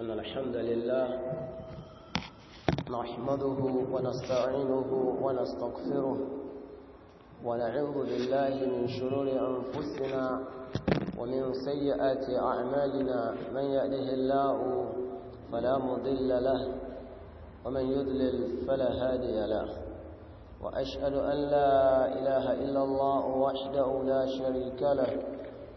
إن الحمد لله نحمده ونستعينه ونستغفره ونعوذ بالله من شرور أنفسنا ومن سيئات أعمالنا من يأله الله فلا مضل له ومن يذلل فلا هادي له وأشهد أن لا إله إلا الله وحده لا شريك له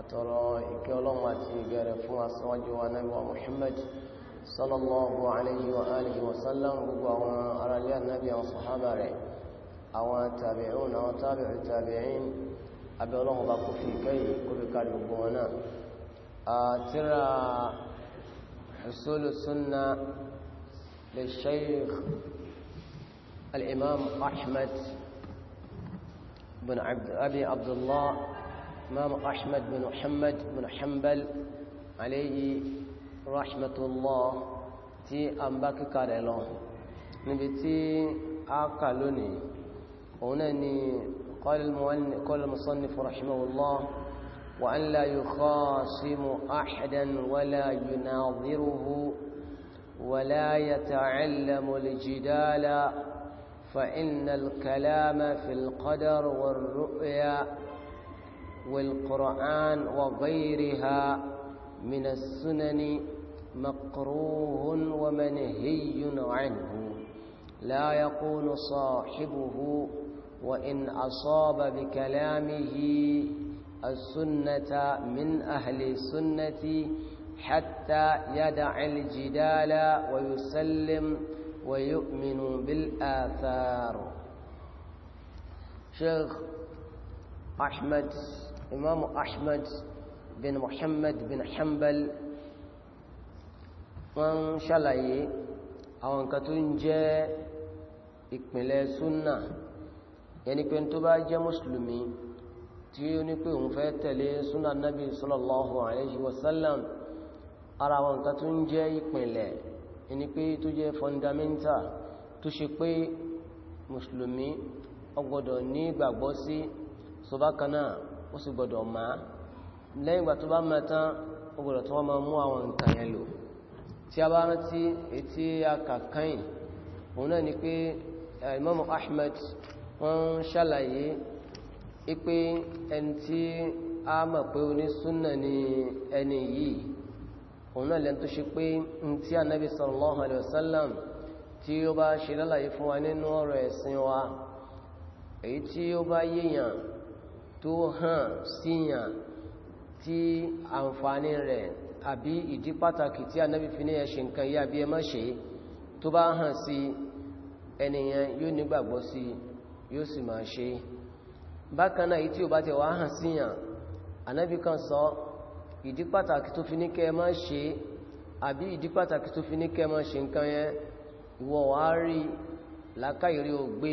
àtọ̀rọ̀ ìkẹ́ ọlọ́run àti ìgẹ̀rẹ̀ fún aṣíwájú wa náà Muhammad sallallahu alayhi wa alihi wa sallam gbogbo àwọn aráalé ànábì àwọn sàhábà rẹ̀ àwọn tàbí'ùn àwọn tàbí'ù tàbí'ìn abẹ́ ọlọ́run bá kó fi ìkẹ́ kó الإمام أحمد بن محمد بن حنبل عليه رحمة الله تي a ń نبتي kíkà rẹ̀ قال المؤلف قال المصنف رحمه الله وأن لا يخاصم أحدا ولا يناظره ولا يتعلم الجدال فإن الكلام في القدر والرؤيا والقرآن وغيرها من السنن مقروه ومنهي عنه لا يقول صاحبه وإن أصاب بكلامه السنة من أهل السنة حتى يدع الجدال ويسلم ويؤمن بالآثار شيخ أحمد Imam Ahmad bin Muhammad bin Hanbal wọ́n ṣàlàyé àwọn nǹkan tó ń jẹ́ ìpìnlẹ̀ súnnà yẹni pé tó bá jẹ́ mùsùlùmí tí ó ní pé òun fẹ́ tẹ̀lé súnnà nábi sallallahu alaihi wasallam ara àwọn nǹkan tó ń jẹ́ ìpìnlẹ̀ yẹni pé tó jẹ́ fundamental tó ṣe pé mùsùlùmí ó gbọ́dọ̀ ní ìgbàgbọ́ sí sọbákanáà ó sì gbọdọ̀ má lẹ́yìn ìgbà tó bá mọ̀ tán ó gbọdọ̀ tó wọ́n máa mú àwọn nǹkan yẹn lò tí a bá rántí etí akàkàn òun náà ni pé Imam Ahmad wọ́n ṣàlàyé ipé ẹni tí a mọ̀ pé oní súnà ni ẹni yìí òun náà lẹ́n tó ṣe pé n tí Ànábì sallallahu alaihi wa nínú tí ó bá yíyàn tó hàn síyàn tí àǹfààní rẹ̀ àbí ìdí pàtàkì tí anábì fi ní ẹṣin kan ṣe tó bá hàn sí ẹniyàn yóò nígbàgbọ́ sí yóò sì máa ṣe bákanáà náà tí ó bá tẹ̀ wá hàn kan sọ ìdí pàtàkì tó fi ní ṣe àbí ìdí pàtàkì tó fi ní ṣe nǹkan yẹn wá rí ògbé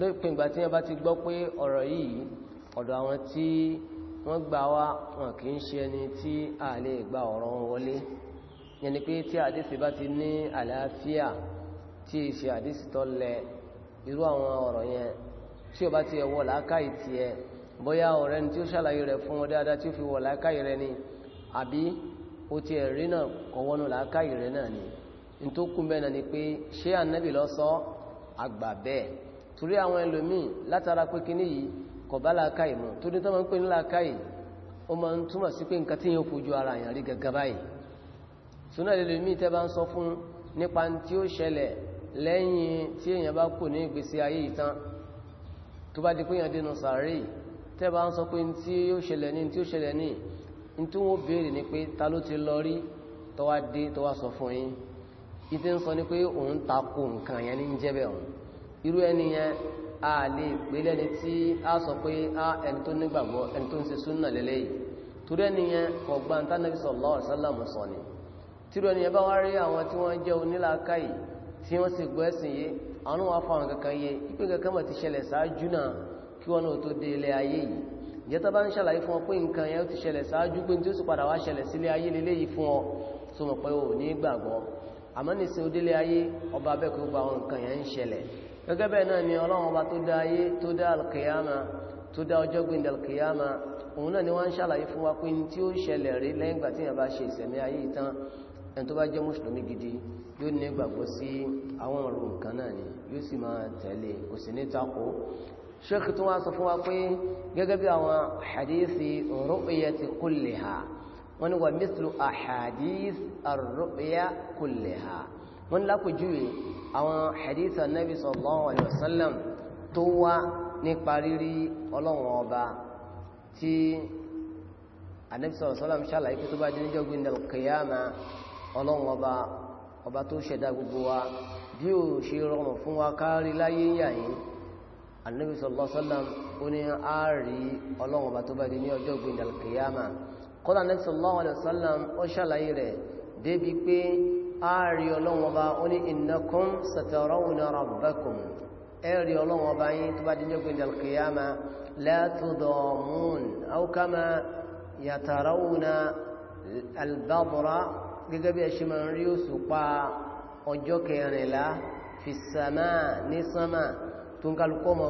lópin ìgbà tí wọ́n bá ti gbọ́ pé ọ̀rọ̀ yìí ọ̀dọ̀ àwọn tí wọ́n gbà wá wọn kì í ṣe ẹni tí a lè gba ọ̀rọ̀ wọlé yẹn ni pé tí àdísì bá ti ní àlàáfíà tí è ṣe àdísì tó lẹ irú àwọn ọ̀rọ̀ yẹn tí o bá ti ẹ̀wọ̀ làákàyè tiẹ̀ bóyá ọ̀rẹ́ ni tí ó ṣàlàyé rẹ̀ fún wọn dáadáa tí ó fi wọ̀ làákàyè rẹ̀ ni àbí ó ti ẹ̀rí náà kọ̀wọ́nù làákàyè rẹ̀ náà ni ní tó kún bẹ́ẹ̀ náà ni pé ṣé ànábì ló sọ àgbà bẹ́ẹ̀ torí àwọn ẹlòmíì látara pé kíní yìí kò bá làákàyè mọ̀ tó ní tó máa ń pè ní làákàyè ó máa ń túmọ̀ sí pé nǹkan tí yóò fojú ara èèyàn rí gẹ́gẹ́ báyìí súnà ẹlòmíì tẹ́ bá ń sọ fún nípa tí ó ṣẹlẹ̀ lẹ́yìn tí èèyàn bá kù ní ìgbésí ayé ìtàn tó bá di pé èèyàn sàárè tẹ́ bá ń sọ pé tí ó ṣẹlẹ̀ ní tí ó ṣẹlẹ̀ ní tí wọ́n béèrè ni pé ta ló ti lọ rí tó wá sọ fún yín ìdí ń sọ ni pé òun takò nǹkan yẹn ní jẹ́bẹ̀ irú ẹni a lè pè lẹ́ni tí a sọ pé a ẹni tó nígbàgbọ́ ẹni tó ń ṣe súnà lélẹ́ yìí torí ẹni yẹn kò gba sallallahu alaihi wasallam sọ ni tírú ẹni yẹn bá wá rí àwọn tí wọ́n jẹ́ onílàákàyè tí wọ́n sì gbọ́ ẹ̀sìn yé àwọn wà fáwọn kankan yé ìpín kankan mọ̀ ti ṣẹlẹ̀ ṣáájú náà kí wọ́n náà tó dé ilé ayé yìí ìjẹta bá ń ṣàlàyé fún ọ pé nǹkan yẹn ti ṣẹlẹ̀ ṣáájú pé tí ó sì ọba abẹ́kọ̀ọ́ gba yẹn ń ṣẹlẹ̀ gẹ́gẹ́ bẹ́ẹ̀ náà ni ọlọ́run ọba tó dá ayé tó dá alkiyama tó dá ọjọ́ gbìndà alkiyama òun náà ni wọ́n ń ṣàlàyé fún wa pé ní tí ó ṣẹlẹ̀ rí lẹ́yìn ìgbà tí yàn bá ṣe ìsẹ̀mí ayé ìtàn ẹni tó bá jẹ́ mùsùlùmí gidi yóò ní gbàgbọ́ sí àwọn hadith anabi sallallahu alaihi wasallam tó wá nípa rírí ọlọ́run ọba tí anabi sallallahu alaihi wasallam ṣàlàyé pé tó bá jẹ́ níjọ́ gbìndà kìyàmà ọlọ́run ọba ọba tó ṣẹ̀dá gbogbo wa bí ó ṣe rọrùn fún wa kárí láyé yàyìn anabi sallallahu alaihi wasallam ó ní a rí ọlọ́run ọba tó bá jẹ́ ní ọjọ́ ààrí ọlọ́wọ́ bá ó ní innakum satarawna rabbakum ẹ̀rí ọlọ́wọ́ bá yí tó bá díjọ́ gbìyànjẹ́ alkiyama la tudamun aw kama yatarawna albabra gẹ́gẹ́ bí ẹṣẹ́ ma ń rí òṣùpá ọjọ́ kẹrìnlá fi sàmà ní sàmà tó ń kálùkọ́ ma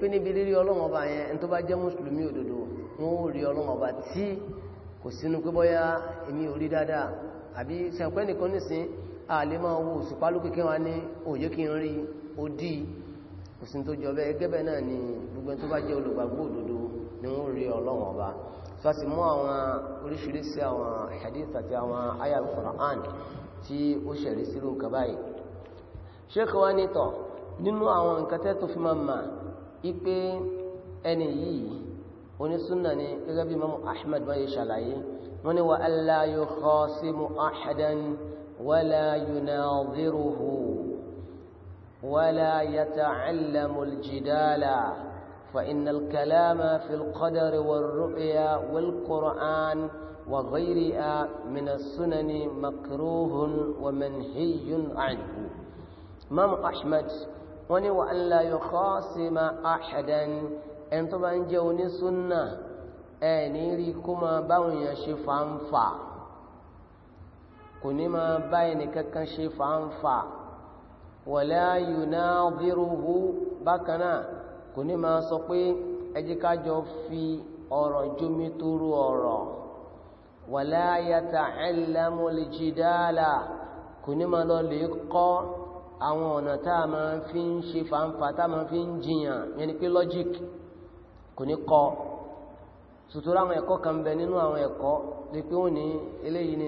pé níbi rírí ọlọ́wọ́ bá yẹn tó bá jẹ́ mùsùlùmí òdodo wọ́n rí ọlọ́run ọba tí kò sínú pé bọ́yá èmi ò rí dáadáa àbí sẹ̀pẹ́ nìkan nìsín àlè máa wo òṣùpá lókè kí wọ́n ní òye kí n rí odi òsìn tó jọ bẹ́ẹ̀ gẹ́bẹ̀ náà ni gbogbo tó bá jẹ́ olùgbàgbọ́ òdodo ni wọ́n rí ọlọ́run ọba tó a sì mú àwọn wa nítọ̀ nínú àwọn nǹkan tẹ́ tó fi máa mà í pé ẹni yìí onísúnà ni gẹ́gẹ́ bí mọ́mù ahmed wọ́n yìí ṣàlàyé wọ́n ni wà aláyò kọ́ sí mú ahadan wàlá yunadhiruhu wàlá yata'allamu aljidala fa innal kalama fil qadari wal ru'ya wal qur'an wa ghayriha min as-sunani makruhun wa manhiyun anhu mọ́mù ahmed wọ́n ni wà aláyò kọ́ sí mú ahadan ẹni tó bá ń jẹ́ onísúnnà ẹni rí kó máa báwọn èèyàn ṣe fàǹfà kò ní máa bá ẹni kankan ṣe fàǹfà wala yunadiruhu bákan náà kò ní máa sọ pé ẹjíkájọ fi ọ̀rọ̀ jómítóró ọ̀rọ̀ wala yata'allamu al kò ní máa lọ lè kọ́ àwọn ọ̀nà tá a máa fi ń ṣe fàǹfà tá a máa fi ń jiyàn yẹn ni pé lọ́jíkì kò ní kọ́ sùtúrú àwọn ẹ̀kọ́ kan bẹ nínú àwọn ẹ̀kọ́ ní pé wọ́n ní eléyìí ní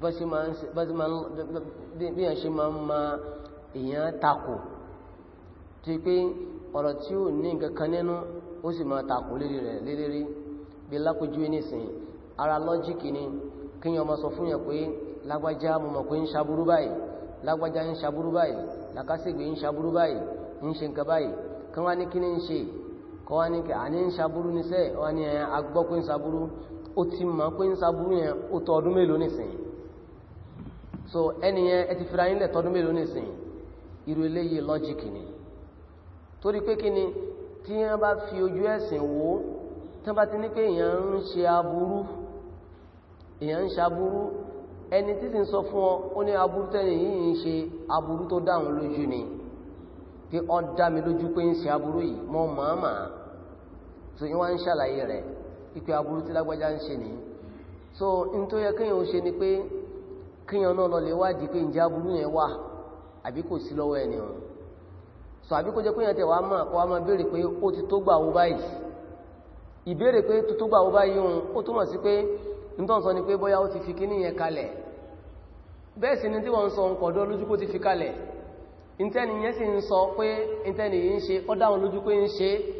bíyàn ṣe máa ń ma èèyàn takò tí pé ọ̀rọ̀ tí ó ní nǹkan kan nínú ó sì máa takò lérí rẹ̀ lérí bí lápójú nísìn ara lọ́jíkì ni kíyàn ọmọ sọ fún yẹn pé lágbájá mo mọ̀ pé ń ṣaburú báyìí lágbájá ń ṣaburú báyìí làkásìgbè ń ṣaburú báyìí ń ṣe nǹkan báyìí kan wá ní kí ní ń ṣe kọ́ wá ní kẹ́ àní ń sàbúrú ní sẹ́ wá ní ẹ̀yàn agbọ́ pé ń sàbúrú ó ti mọ̀ pé ń sàbúrú yẹn ó tọ ọdún mélòó nìsìn so ẹni yẹn ẹ ti fira yín lẹ̀ tọdún mélòó nìsìn irú eléyìí lọ́jìkì ni torí pé kíni tí wọ́n bá fi ojú ẹ̀sìn wò ó tí wọ́n bá ti ní pé ẹni tí sì sọ fún ọ ó ní aburú tẹ́lẹ̀ yìí ń ṣe aburú tó dáhùn lójú ni pé ọ dá mi lójú pé ń ṣe aburú yìí mọ́ màá màá so yíwá ń ṣàlàyé rẹ̀ ipe aburú tí lágbàjá ń ṣe nìyí so in tó yẹ kíyàn ó ṣe ni pé kíyàn náà lọ lè wádìí pé ǹjẹ́ abi yẹn wà àbí kò sí lọ́wọ́ so àbí kó jẹ́ kíyàn tẹ̀ wá máa kọ́ pé ó ti tó gbà wọ́n báyìí ìbéèrè pé tó gbà wọ́n báyìí òun ó sí pé n tó ń sọ ni ti fi kíní yẹn kalẹ̀ bẹ́ẹ̀ sì ni tí wọ́n ń sọ nǹkan lójú ti fi kalẹ̀ ìtẹ́ni yẹn sì ń sọ pé ìtẹ́ni yìí ń ṣe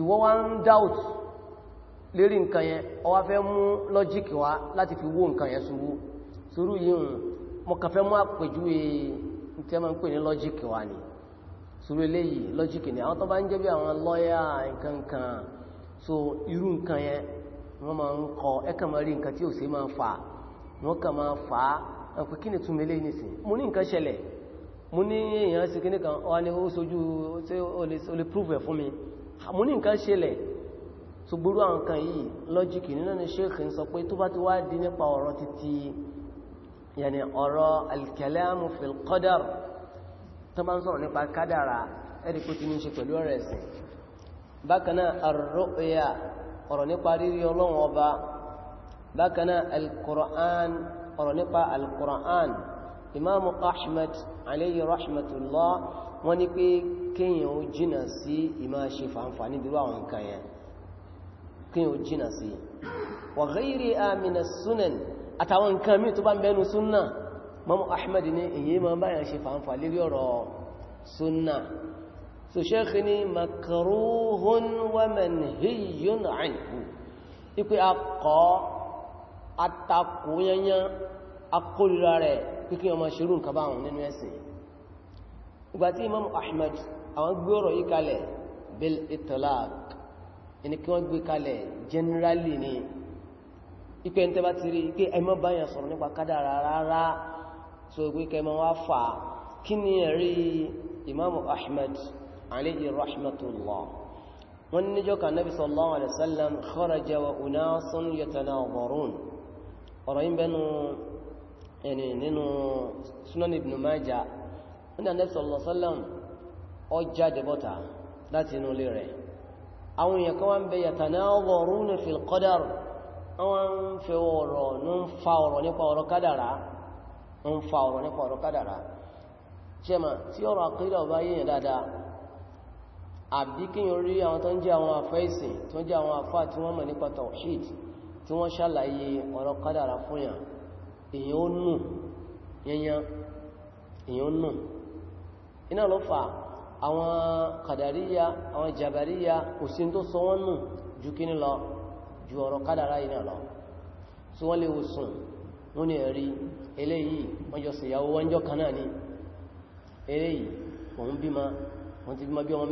ìwọ wá ń doubt lérí nǹkan yẹn ó wá fẹ́ mú logic wá láti fi wó nǹkan yẹn sùúrù sùúrù yìí hùn mo kàn mú àpèjúwe tí a máa ń pè ní logic wá ni sùúrù eléyìí logic ni àwọn tó bá ń jẹ́ bí àwọn lọ́yà nǹkan so irú nǹkan yẹn wọ́n máa ń kọ ẹ̀kàn máa rí nǹkan tí ò sí máa fà wọ́n kàn máa fà á kí ni tún mi nìsín mo ní nǹkan ṣẹlẹ̀ mo ní èèyàn sí kíní kan ọ ó sojú ó lè prove ẹ̀ fún mi mo ní nǹkan ṣẹlẹ̀ tó gbúrú àwọn nǹkan yìí lọ́jíkì nínú ni sheikh ń sọ pé tó bá ti wá di nípa ọ̀rọ̀ títí yàní ọ̀rọ̀ alkalamu fil qadar tó bá ń sọ̀rọ̀ nípa kádàrà ẹ̀rí kó ti ní ṣe pẹ̀lú imam ahmed alayhi rahmatullah wọ́n ní pé kíyàn ó jìnà sí ìmá ṣe fàǹfà ní dúró àwọn nǹkan yẹn kíyàn ó jìnà sí wa ghairi àmìnà sunan àtàwọn nǹkan mí tó bá ń bẹnu súnnà mọ́mù ahmed ní èyí ma báyàn ṣe fàǹfà lérí ọ̀rọ̀ súnnà so sheikh ni makaruhun wa ìgbà tí imam ahmed àwọn gbé ọ̀rọ̀ yìí kalẹ̀ bil itlaq ẹni kí wọ́n gbé kalẹ̀ generally ni ipẹ́ ń tẹ́bá ti rí pé ẹmọ́ báyàn sọ̀rọ̀ nípa kádàrà rárá so ìgbé kẹmọ́ wá fà kí ni ẹ̀rí imam ahmed alayhi rahmatullah wọ́n níjọ́ kan nabi sallallahu alaihi ní anẹ́sọ̀lọ̀ sọ́lọ́m ọ jáde bọ́ta láti inú ilé rẹ̀ àwọn èèyàn kan wá ń bẹ yàtàná ọgọ́rún ní filkọ́dàr wọ́n ń fẹ́ ọ̀rọ̀ ní ń fa ọ̀rọ̀ nípa ọ̀rọ̀ kádàrá ń fa ọ̀rọ̀ nípa ọ̀rọ̀ kádàrá ṣẹ́mà tí ọ̀rọ̀ àkídà ọba yíyàn dáadáa àbí kí wọ́n ṣàlàyé ọ̀rọ̀ kádàrá fún yàn èèyàn ó nù iná ló fà àwọn kàdàríyà àwọn jàbàríyà kò sí tó sọ wọ́n nù ju kíní lọ ju ọ̀rọ̀ kádàrá iná lọ tí wọ́n lè wòsùn wọ́n ni ẹ̀rí eléyìí wọ́n jọ ṣèyàwó wọ́n jọ kanáà ni eléyìí òun bímọ wọ́n ti bímọ bí ọmọ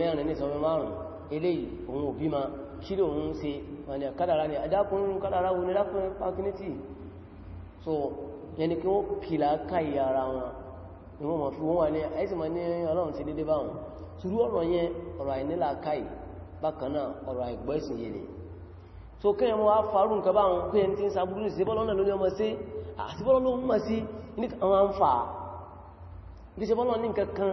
mẹ́rin so yẹni kí wọ́n pìlá káyà ara ni wọ́n mọ̀ fi wọ́n wà ní àìsìmọ̀ ní ọlọ́run ti dédé báwọn tùrú ọ̀rọ̀ yẹn ọ̀rọ̀ àìnílà káì bákanáà ọ̀rọ̀ àìgbọ́ ìsìn yẹn ni tó kẹ́yẹ mọ́ afárún nǹkan báwọn pé ẹni tí ń sàbúrú ní ìsẹ́bọ́lọ́nà lórí ọmọ sí àtibọ́lọ́ ló mọ̀ sí ní àwọn àǹfà bí ìsẹ́bọ́lọ́ ní nǹkan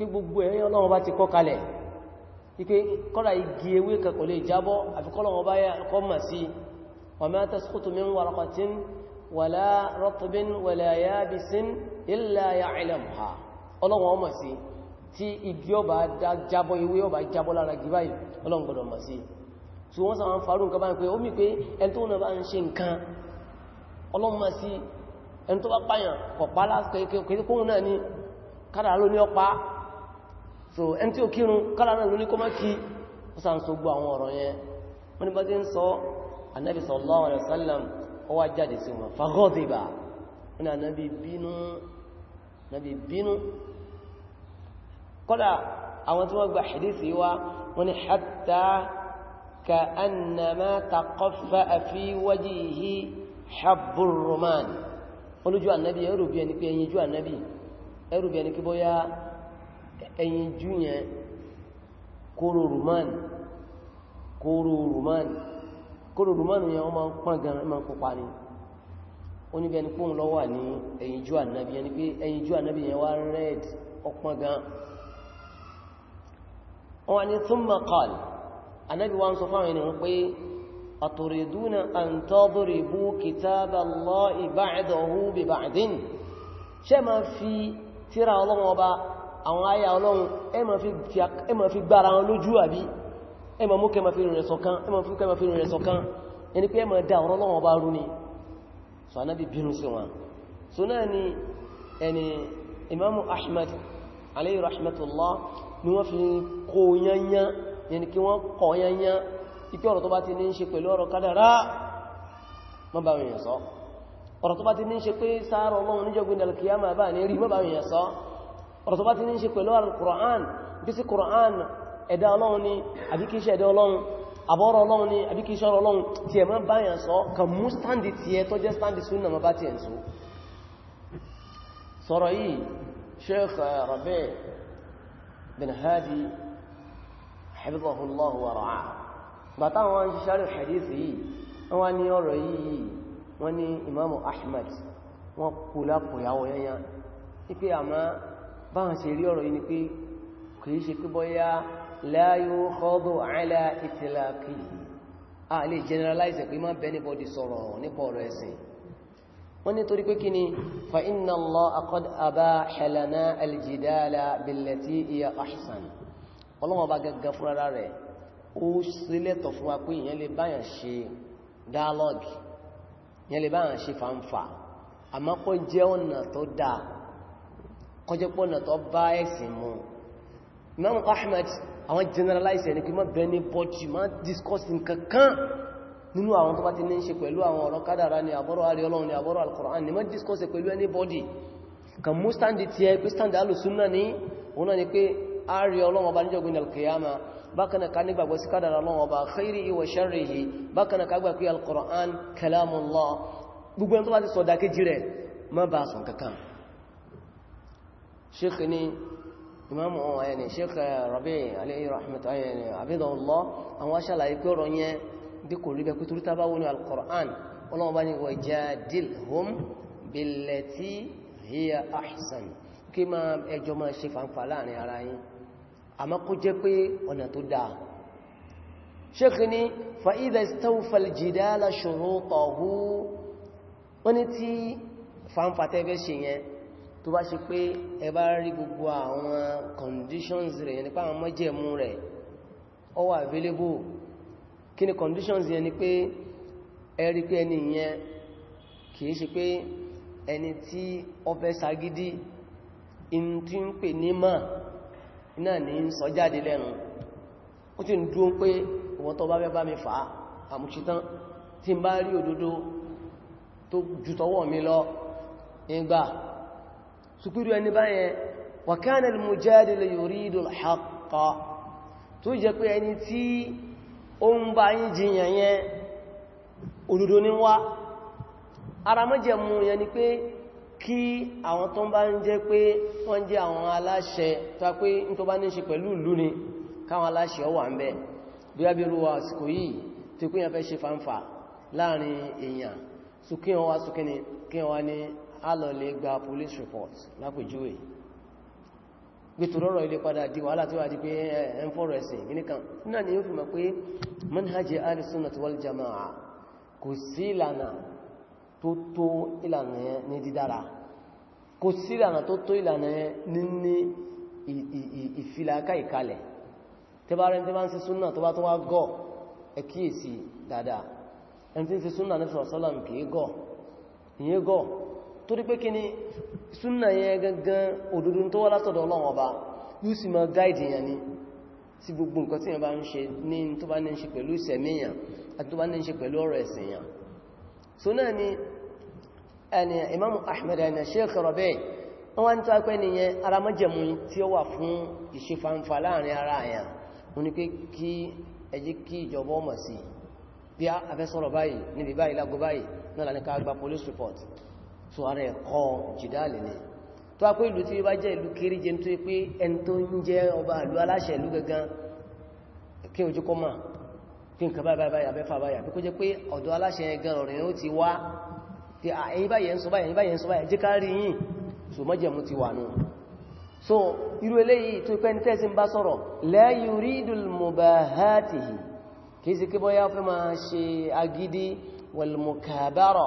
pé gbogbo ẹ̀yìn ọlọ́wọ́ bá ti kọ́ kalẹ̀ ipé kọ́lá igi ewé kẹ́kọ̀ọ́ lè jábọ́ àfikọ́lọ́wọ́ bá kọ́ mà sí wa ma tasqutu min waraqatin wala ratbin wala yabisin illa ya'lamuha ọlọ́wọ́ mà sí tí igi ọba jábọ́ ewé ọba jábọ́ lára igi báyìí ọlọ́wọ́ gbọ́dọ̀ mà sí tí wọ́n sàwọn farú nǹkan báyìí pé ó mì pé ẹni tó bá ń kọ̀pá lásìkò kékeré kóhun náà ni kádàá ló ní ọpa so ẹn tí ó kírun kára náà lóní kó má kí ó sá ń so gbọ́ àwọn ọ̀rọ̀ yẹn wọ́n ni bá ti ń sọ anábi sallallahu alaihi wasallam ó wá jáde sí wọn faghadiba wọ́n ni anábi bínú anábi bínú kọ́dà àwọn tí wọ́n gba hadisi wá wọ́n ni bí ẹni kí bóyá ẹ̀yìn jú yẹn kóró roman kóró roman kóró roman yẹn wọ́n máa ń pán gan ma ń pupa ni ó ní bẹni fóun lọ wà ní ẹ̀yìn jú ànábì yẹn pé ẹ̀yìn jú ànábì yẹn wá red ọpọn gan wọ́n wá ní thumma qal ànábì wá sọ fáwọn ènìyàn pé أتريدون أن تضربوا كتاب الله بعده ببعد ṣé ma fi tírà Ọlọ́run àwọn ayà ọlọ́run ẹ ma fi gbára wọn lójú àbí ẹ ma mú kẹ ma fi rẹ̀ sọ̀kan ẹ ma fi kẹ ma fi rẹ̀ sọ̀kan ẹni pé ẹ ma dá ọ̀rọ̀ lọ́wọ́ bá rú ni so anábi bínú sí wọn so náà ni ẹni imamu ahmad alayhi rahmatullah ni wọ́n fi kó yányá yẹni kí wọ́n kọ̀ yányá ọ̀rọ̀ tó bá ti ní ṣe pẹ̀lú al-Qur'an bí sí Qur'an ẹ̀dá ọlọ́run ni àbí kìí ṣe ẹ̀dá ọlọ́run àbọ́rọ̀ ọlọ́run ni àbí kìí ṣọ́rọ̀ ọlọ́run tí ẹ̀mọ́ báyàn sọ kà mú stáǹdì tí ẹ tó jẹ́ stáǹdì súnà mọ́ bá ti ẹ̀ sọ sọ̀rọ̀ yìí ni eh, ọ̀rọ̀ yìí wọn ni Imam Ahmad wọn kula kòyàwó yẹn yẹn báwọn ṣe rí ọ̀rọ̀ yìí ni pé kìí ṣe pé bọ́yá láyó kọ́dọ̀ àìlà ìtìláàkì a lè generalize pé má bẹ́ni bọ́dì sọ̀rọ̀ nípa ọ̀rọ̀ ẹ̀sìn wọ́n ní torí pé kí ni fa inna Allah qad abaha lana al-jidala billati hiya ahsan ọlọ́wọ́n bá gẹ́gẹ́ fúnra rẹ̀ ó sílẹ̀tọ̀ fún wa pé ìyẹn lè báyàn ṣe dialogue ìyẹn lè báyàn ṣe fanfa àmọ́ kó jẹ́ ọ̀nà tó dáa kọjẹ́ pọ́nà tó bá ẹ̀sìn mú Imam Ahmad àwọn generalize ẹni kí má bẹni bọ́jì má discussing kankan nínú àwọn tó bá ti ní ṣe pẹ̀lú àwọn ọ̀rọ̀ kádàrá ni àbọ́rọ̀ àrí ọlọ́run ni àbọ́rọ̀ al-Qur'an ni má discuss pẹ̀lú anybody kan mú stand ti ẹ pé stand alùsúnnà ní òun náà ni pé àrí ọlọ́run ọba níjọ̀gbìn al-qiyama bákan ka nígbàgbọ́ sí kádàrá ọlọ́run ọba khairihi wa sharrihi bákan ka gbà pé al-Qur'an kalamullah gbogbo ẹni tó bá sọ dákéjì rẹ̀ má bá sùn kankan sheikh ni imam ọ̀yẹni oh, sheikh eh, rabi alayhi rahmat ayẹni abidahullah àwọn aṣàlàyé pé ọ̀rọ̀ yẹn bí kò rí bẹ́kú torí tábáwó ní al-Qur'an ọlọ́wọ́ bá ní wa jadilhum billati hiya ahsan kí ma ẹjọ́ ma ṣe fanfà láàrin ara yín àmọ́ kó jẹ́ pé wọ́n ni tí fanfà tẹ́fẹ́ ṣe yẹn tó bá ṣe pé ẹ bá rí gbogbo àwọn conditions rẹ̀ yẹn nípa mọ́jẹ̀mú rẹ̀ ó wà available kí ni conditions yẹn ni pé ẹ rí pé ẹni yẹn kìí ṣe pé ẹni tí ó fẹ́ sagídí in tí ń pè ní mọ́ náà ní ń sọ jáde lẹ́nu ó ti ń dúó pé ọmọ tó bá fẹ́ bá mi fà á àmúṣítán tí ń bá rí òdodo tó jùtọwọ́ mi lọ nígbà sùkúrú ẹni báyẹn wa kana al-mujadil yuridu al-haqqa tó jẹ pé ẹni tí ó ń bá yín jiyàn yẹn òdodo ní wá ara mọ́jẹ̀mú yẹn ni pé kí àwọn tó ń bá ń jẹ́ pé wọ́n jẹ́ àwọn aláṣẹ tó pé ní tó bá ní ṣe pẹ̀lú ìlú ni káwọn aláṣẹ wà ń bẹ̀ bí á wá sùkúyàn wá a lọ gba police report lápèjúwe gbẹ̀tọ̀rọ̀rọ̀ ilé padà di wàhálà di pé ẹn fọ́rọ̀ náà ni yóò fi mọ̀ pé manhajji al-sunnah wal jama'a kò sí ìlànà tó tó ìlànà yẹn ní dídára kò sí ìlànà tó tó ìlànà ní ní ìfìlàkà ìkalẹ̀ torí pé kí ni súnà yẹn gangan òdòdó tó wá látọ̀dọ̀ Ọlọ́run ọba yóò sì máa gáìdì yẹn ni sí gbogbo nǹkan tí yẹn bá ń ṣe ní tó bá ní ṣe pẹ̀lú ìsẹ̀míyàn àti tó bá ní ṣe pẹ̀lú ọ̀rọ̀ ẹ̀sìnyàn so náà ni ẹni Imam Ahmed ẹni Sheikh Rabi wọ́n wá ń tó apẹ́ nìyẹn ara mọ́jẹ̀mú tí ó wà fún ìṣefanfa láàrin ara àyàn mo ní pé kí ẹjí kí ìjọba ọmọ sí bí a afẹ́ ká gba police report so ara ẹ̀kọ́ jìdáàlì ni tó wá pé ìlú tí ó bá jẹ́ ìlú kéríje tó pé ẹni tó ń jẹ́ ọba ìlú aláṣẹ ìlú gangan kí ojú kọ́ máa kí nǹkan báyàbáyà abẹ́fà báyà bí kó jẹ́ pé ọ̀dọ̀ aláṣẹ gan ọ̀rìn ó so mọ́jẹ̀mú ti wà nù so irú eléyìí tó pẹ́ ní tẹ́sí mubahatihi kìí sí kí bọ́yá fẹ́ máa agidi wal mukabara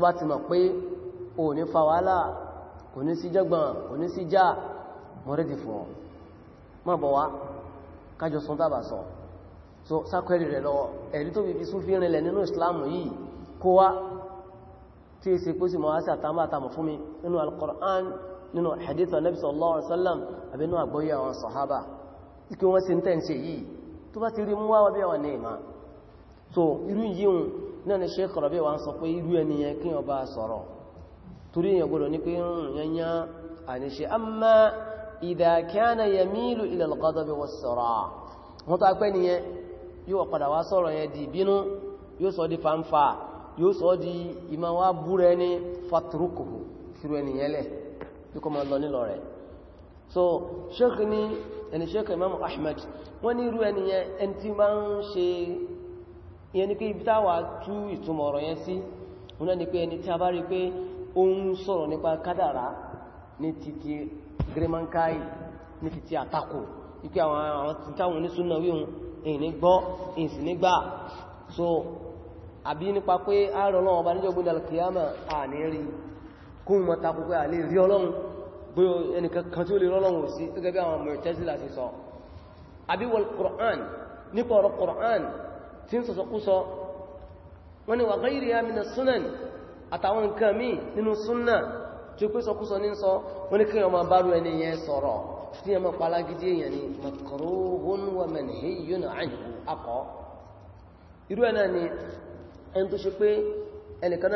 tó bá ti mọ̀ pé o ní fa wàhálà kò ní sí jẹ́gbọ̀n kò ní sí já mọ́rẹ́dì fún ọ mọ́ bọ̀ wá kájọ sọ tàbà sọ so sákọ̀ẹ́rì rẹ̀ lọ ẹ̀rí tó fi sún fi rinlẹ̀ nínú ìsìláàmù yìí kó wá tí è se pósí mọ̀ wá sí àtàmà àtàmà fún mi nínú al-Qur'an nínú hadith anabi sallallahu Allah wasallam àbí nínú àgbọ́yé àwọn sahaba ikú wọ́n sì ń tẹ́ ń ṣe yìí tó bá ti rí mú wá wọ́n bí àwọn ní ìmá so irú yíhun náà ni Sheikh Rabi wa ń sọ pé irú ẹni yẹn kí wọ́n bá sọ̀rọ̀ torí èyàn gbọ́dọ̀ ní pé hmm, yanya àníṣe amma idha kana yamilu ila al-ghadab was-sara' wọ́n tó apẹ́ nìyẹn yóò padà wá so Sheikh ni ẹni Sheikh Imam Ahmad wọ́n ní irú ẹni yẹn ẹni tí máa ń ṣe ìyẹn ni pé ibi táwà tú ìtumọ̀ ọ̀rọ̀ yẹn sí múná ni pé ẹni tí a bá rí pé ó ń sọ̀rọ̀ nípa kádàrá ní títí gremankai ní títí àtakò ipé àwọn táwọn onísúnà wíhun ìní gbọ́ ìsìn nígbà so àbí nípa pé ààrùn ọlọ́run ọba níjọ́ gbọ́dọ̀ kìyàmà àní rí kún mọ́ takò pé àlè rí ọlọ́run bí ẹnìkan kan tí ó Qur'an nípa ọ̀rọ̀ Qur'an tí ń sọ̀sọ̀ kúsọ wọ́n ni wà gáìrì ya mi na sunan àtàwọn nǹkan mi nínú súnnà tí ó pé sọ kúsọ ní sọ wọ́n ni kíyàn máa bárú ẹni yẹn sọ̀rọ̀ tí yẹn máa palágídí èyàn ni makruhun wa manhiyun anhu akọ irú ẹ̀nà ni ẹni tó ṣe pé ẹnìkan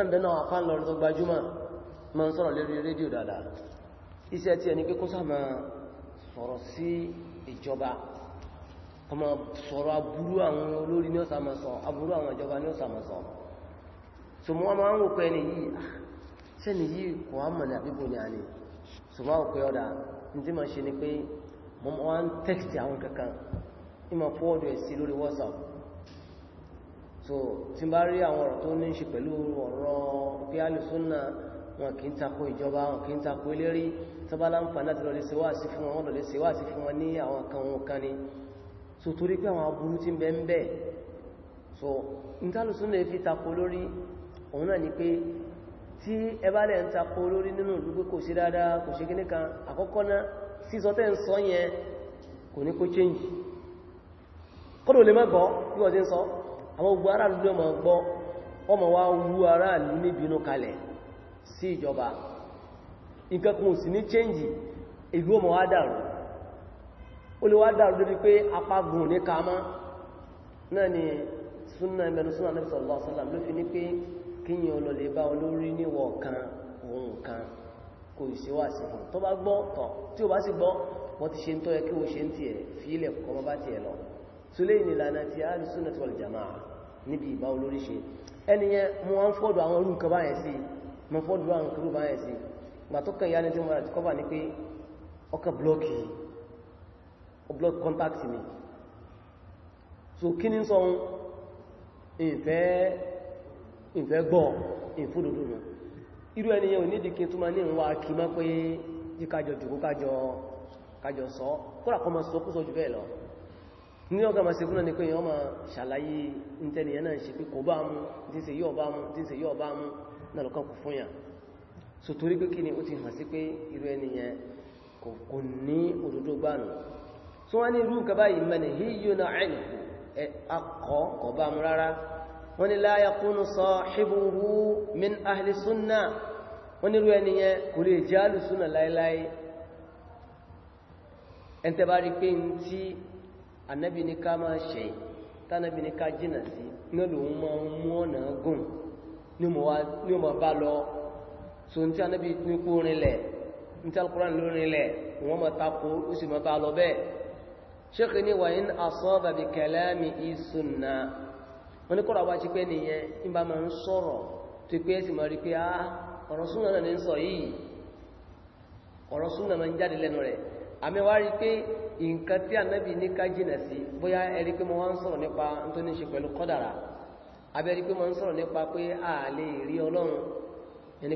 ìjọba kọmọ sọ̀rọ̀ aburú àwọn olórí ní ọ̀sà mọ̀sọ̀ aburú àwọn ìjọba ní ọ̀sà mọ̀sọ̀ so mọ́ ma ń wòkọ ẹni yìí sẹ́ni ah, yìí kò wá mọ̀ àbíbò ní àní so má ọ̀dà ní tí ma ṣe ni pé mọ́ wá ń tẹ́kìtì àwọn kankan ní whatsapp so tí bá rí àwọn ọ̀rọ̀ tó ní ṣe pẹ̀lú ọ̀rọ̀ pé alùsùnà wọn kì í tako ìjọba wọn kì í tako eléré tó bá so torí pé àwọn aburú tí ń bẹ ń bẹ so ìtàlùsùn lè fi tako lórí òun náà ni pé tí ẹbálẹ̀ ń tako lórí nínú ìlú pé kò ṣe dáadáa kò ṣe kíní kan àkọ́kọ́ náà sísọ tẹ́ ń sọ yẹn kò ní kó change kọ́dọ̀ lè ní change ìlú ọmọ wa dàrú ó lè wá dàrú débi pé apagùn ní kàmá náà ni súnà ẹgbẹ̀rún súnà Ànábì sallallahu alaihi wasallam ló fi ní pé kíyàn ọlọ́lẹ̀ bá olórí níwọ̀ kan òun kan kò ìṣẹ́wà sí fún tó bá gbọ́ tọ̀ tí ó bá sì gbọ́ wọ́n ti ṣe ń tọ́ ẹ kí wọ́n ṣe ń tiẹ̀ fílẹ̀ kọmọ bá ti ahlu sunnah wal jamaa níbi ìbá olórí ṣe ẹniyẹn mo wọ́n fọ́dọ̀ àwọn orú nǹkan báyẹn sí mo fọ́dọ̀ àwọn orú báyẹn sí gbà tó kàn yá ní tí blood contact mi so kí ní sọ ìfẹ́ gbọ́ ìfúdòdó nù irú ẹniyàn ò nídìí kí tó ma ní ìwà kí má pé jí kájọ jùkú kájọ sọ kúrà kọ́ ma sọ kú sọ jù bẹ́ẹ̀ lọ ní ọgá ma ṣe fún ẹni pé èyàn ma ṣàlàyé ìtẹniyàn náà ṣe pé kò bá mú tí ń ṣe yóò bá mú tí ń ṣe yóò bá mú náà lọ́kàn kò fún yàn so torí pé kí ni ó ti hàn sí pé irú ẹniyàn kò ní òdòdó gbánu so wọ́n ní irú nǹkan báyìí mẹ́ni hiyuna ẹnìkù akọ kọ̀ bá mú rárá wọ́n ní min ahli suna wọ́n ní irú ẹniyẹn kò lè jẹ́ suna láíláí ẹn tẹ́ bá rí pé ń tí anábì ní ká máa ṣe tánábì ní ká jìnà sí mú so ní tí anábì ní kó rinlẹ̀ ní tí alukóran ló wọ́n tako ó ṣéèkì ní wà ní asọ́bà bí kẹlẹ́mì ìsúnà wọ́n ní kọ́rọ̀ wá ti pé nìyẹn ń bá ma ń sọ̀rọ̀ tó pé sì máa pé ah ọ̀rọ̀ náà ní sọ yìí ọ̀rọ̀ súnà ma ń jáde lẹ́nu rẹ̀ àmì wá rí pé nǹkan tí ànábì ní ká jìnà sí bóyá ẹ̀rí pé mo wá ń sọ̀rọ̀ nípa tó ní ṣe pẹ̀lú kọ́dàrà pé mo ń sọ̀rọ̀ nípa pé a lè rí ọlọ́run ẹni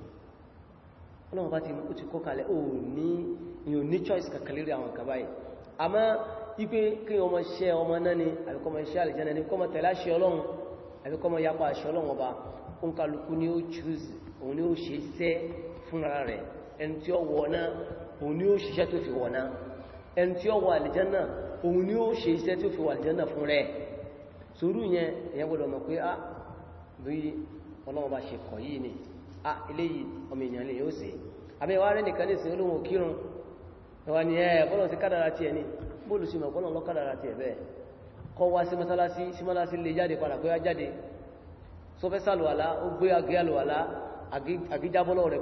ọlọ́wọ́ bá ti ó ti kọ́kàlẹ̀ ó ní ìyàn ní choice kàkàlérí àwọn kàbá yìí a má ipé kí ọmọ iṣẹ́ ọmọ náà ni àbíkọmọ iṣẹ́ àlìjánà ní kọmọ tẹ̀lá ṣe ọlọ́run àbíkọmọ yapa ṣe ọlọ́run ọba oúnkàlùkù ni ó choose òun ni ó ṣe iṣẹ́ fúnra rẹ̀ ẹni tí ó wọ̀ náà òun ni ó ṣiṣẹ́ tó fi wọ̀ náà ẹni tí ó wọ àlìjánà òun ni ó ṣe iṣẹ́ tó fi wọ àlìjánà fún rẹ̀ sórú yẹn ìyẹn gbọ́dọ̀ mọ̀ pé ah, ọlọ́run bá ṣe kọ̀ yìí ni ah eléyìí ọmọ èèyàn lè yóò sí àbẹ́ ìwà rẹ̀ nìkan nìsìn olóhun òkírun ẹwà ni ẹ̀ bọ́lọ̀ sí kádàrà ti ẹ̀ ní bóòlù sí mọ̀kọ́lọ̀ lọ kádàrà ti ẹ̀ bẹ́ẹ̀ kọ́ wá sí mọ́sálásí sí mọ́sálásí lè jáde padà pé wá jáde sọ fẹ́ sàlùwàlá ó gbé agé àlùwàlá àgíjábọ́lọ̀ rẹ̀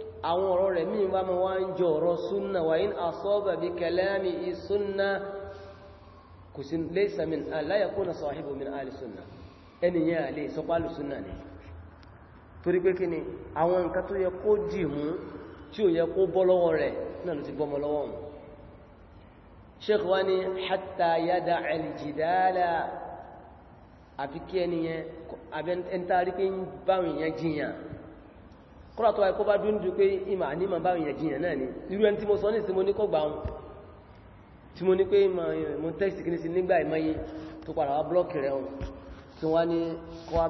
àwọn ọ̀rọ̀ rẹ̀ míì wá mọ́ wá ń jọ ọ̀rọ̀ súnnà wà yín asaba bi kalami súnnà kò sí laysa min la yakuna sahibu min ahli súnnà ẹniyàn àlè sọpálù súnnà ni torí pé kí ni àwọn nǹkan tó yẹ kó dì mú tí ò yẹ kọ́lá tó wáyé kó bá dún dùn pé ìmà ní ma bá ìyẹ̀ jìyàn náà ni irú ẹni tí mo sọ ní sí mo ní kọ́gbà ohun tí mo ní pé mo tẹ́kìsì kìí sí nígbà ìmọ̀ye tó padà wá blọ́ọ̀kì rẹ̀ ohun tí wá ní kọ́wà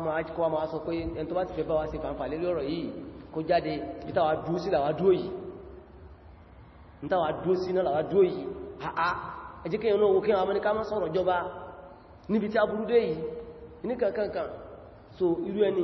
máa sọ pé ẹni tó bá ti fẹ́ bá wá sí fàǹfà lérí ọ̀rọ̀ yìí kó jáde bí táwa dúó sí làwa dúó yìí ní táwa dúó sí so irú ẹni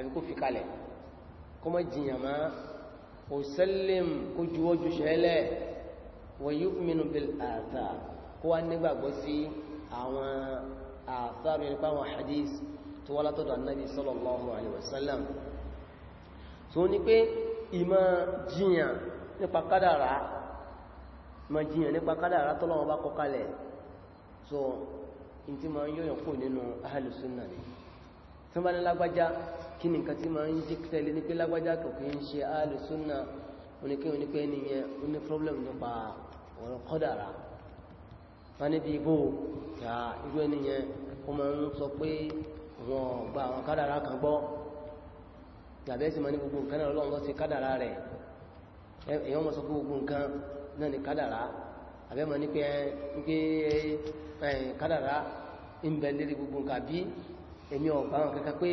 àbí kó fi kalẹ̀ kó mọ́ jìyàn má kò sẹ́lẹ̀m kó juwọ́ ju ṣẹlẹ̀ wọ́n yóò mínú bí àtà kó wá nígbàgbọ́ sí àwọn àtàrí nípa àwọn hadith tó wá látọ̀dọ̀ annabi sallallahu alaihi wasallam so ní pé ìmọ̀ jìyàn nípa kádàrá ma jiyàn nípa kádàrá tọ́lọ́wọ́ bá kọkalẹ̀ so in ti ma ń yóyàn kò nínú ahàlùsúnnà ni tí wọ́n bá ní lágbájá kí ni nǹkan tí ma ń jí tẹ́lẹ̀ ní pé lágbájá kò kí ń ṣe áàlù súnnà oníkẹ́ oníkẹ́ nìyẹn ó ní problem nípa ọ̀rọ̀ kọ́dàrà ya irú ẹniyẹn ó ma ń sọ pé wọn gba àwọn kádàrà kan gbọ́ yàbẹ́ sì ma ní náà ni kádàrà àbẹ́ ma ní pé kádàrà ń bẹ lérí gbogbo nǹkan bí èmi ọ̀gbà wọn kẹ́kẹ́ pé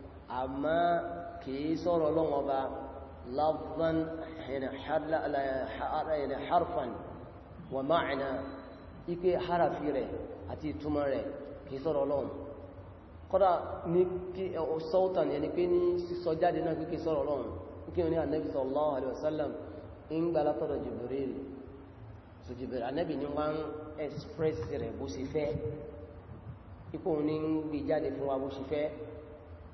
àmá kìí sọ̀rọ̀ ọlọ́run ọba lafzan harfan wa ma'ana ipé harafi rẹ̀ àti ìtumọ̀ rẹ̀ kìí sọ̀rọ̀ ọlọ́run kọ́dá ní kí ọ̀sọ́ọ̀tàn yẹni pé ní sísọ jáde náà pé kìí sọ̀rọ̀ ọlọ́run kí ní ànẹ́bì sallallahu alaihi wasallam ń gbà ipò ní ń fún wa bó ṣe fẹ́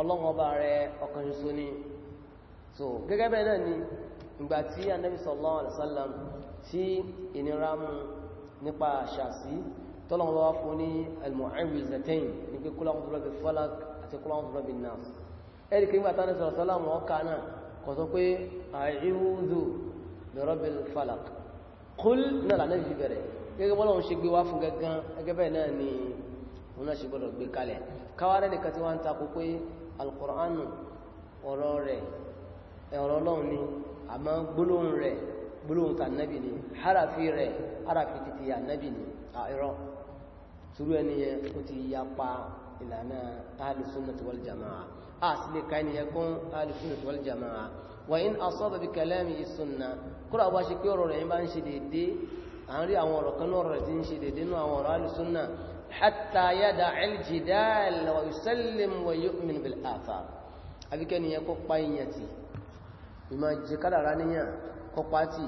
ọlọ́run ọba rẹ̀ ṣoṣo ni so gẹ́gẹ́ bẹ́ẹ̀ náà ni ìgbà tí Ànábì sallallahu alaihi wasallam tí ìnira mú nípa ṣàṣí tọ́lọ́run wá fún ní al-mu'awwizatayn ní pé kúlọ́run tó rọ́bì falak àti kúlọ́run tó rọ́bì nas ẹ̀rì kí gbàtà nẹ́sọ̀rọ̀ sálàmù ọkà náà kọ̀ sọ pé àìríwúzù bi rabbil falak kúl náà lànà fi bẹ̀rẹ̀ gẹ́gẹ́ bọ́lọ́run ṣe alkùránù ọ̀rọ̀ rẹ̀ ẹ̀rọ lọ́wọ́ ni àmọ́ gbólóhùn rẹ̀ gbólóhùn ta nábì ni harafi rẹ̀ harafi títí ya nábì ni àìrọ̀ turu ẹni yẹ ó ti yapa ìlànà alìsúnnàtí wal jama'a a sì lè ká ẹniyẹ kún alìsúnnàtí wal jama'a wà ti ń ṣe dédé nú hatta yada aljidal wa yusallim wa yu'min bil A abike ni ko pa iyan ti ima je kadara niyan ko pa ti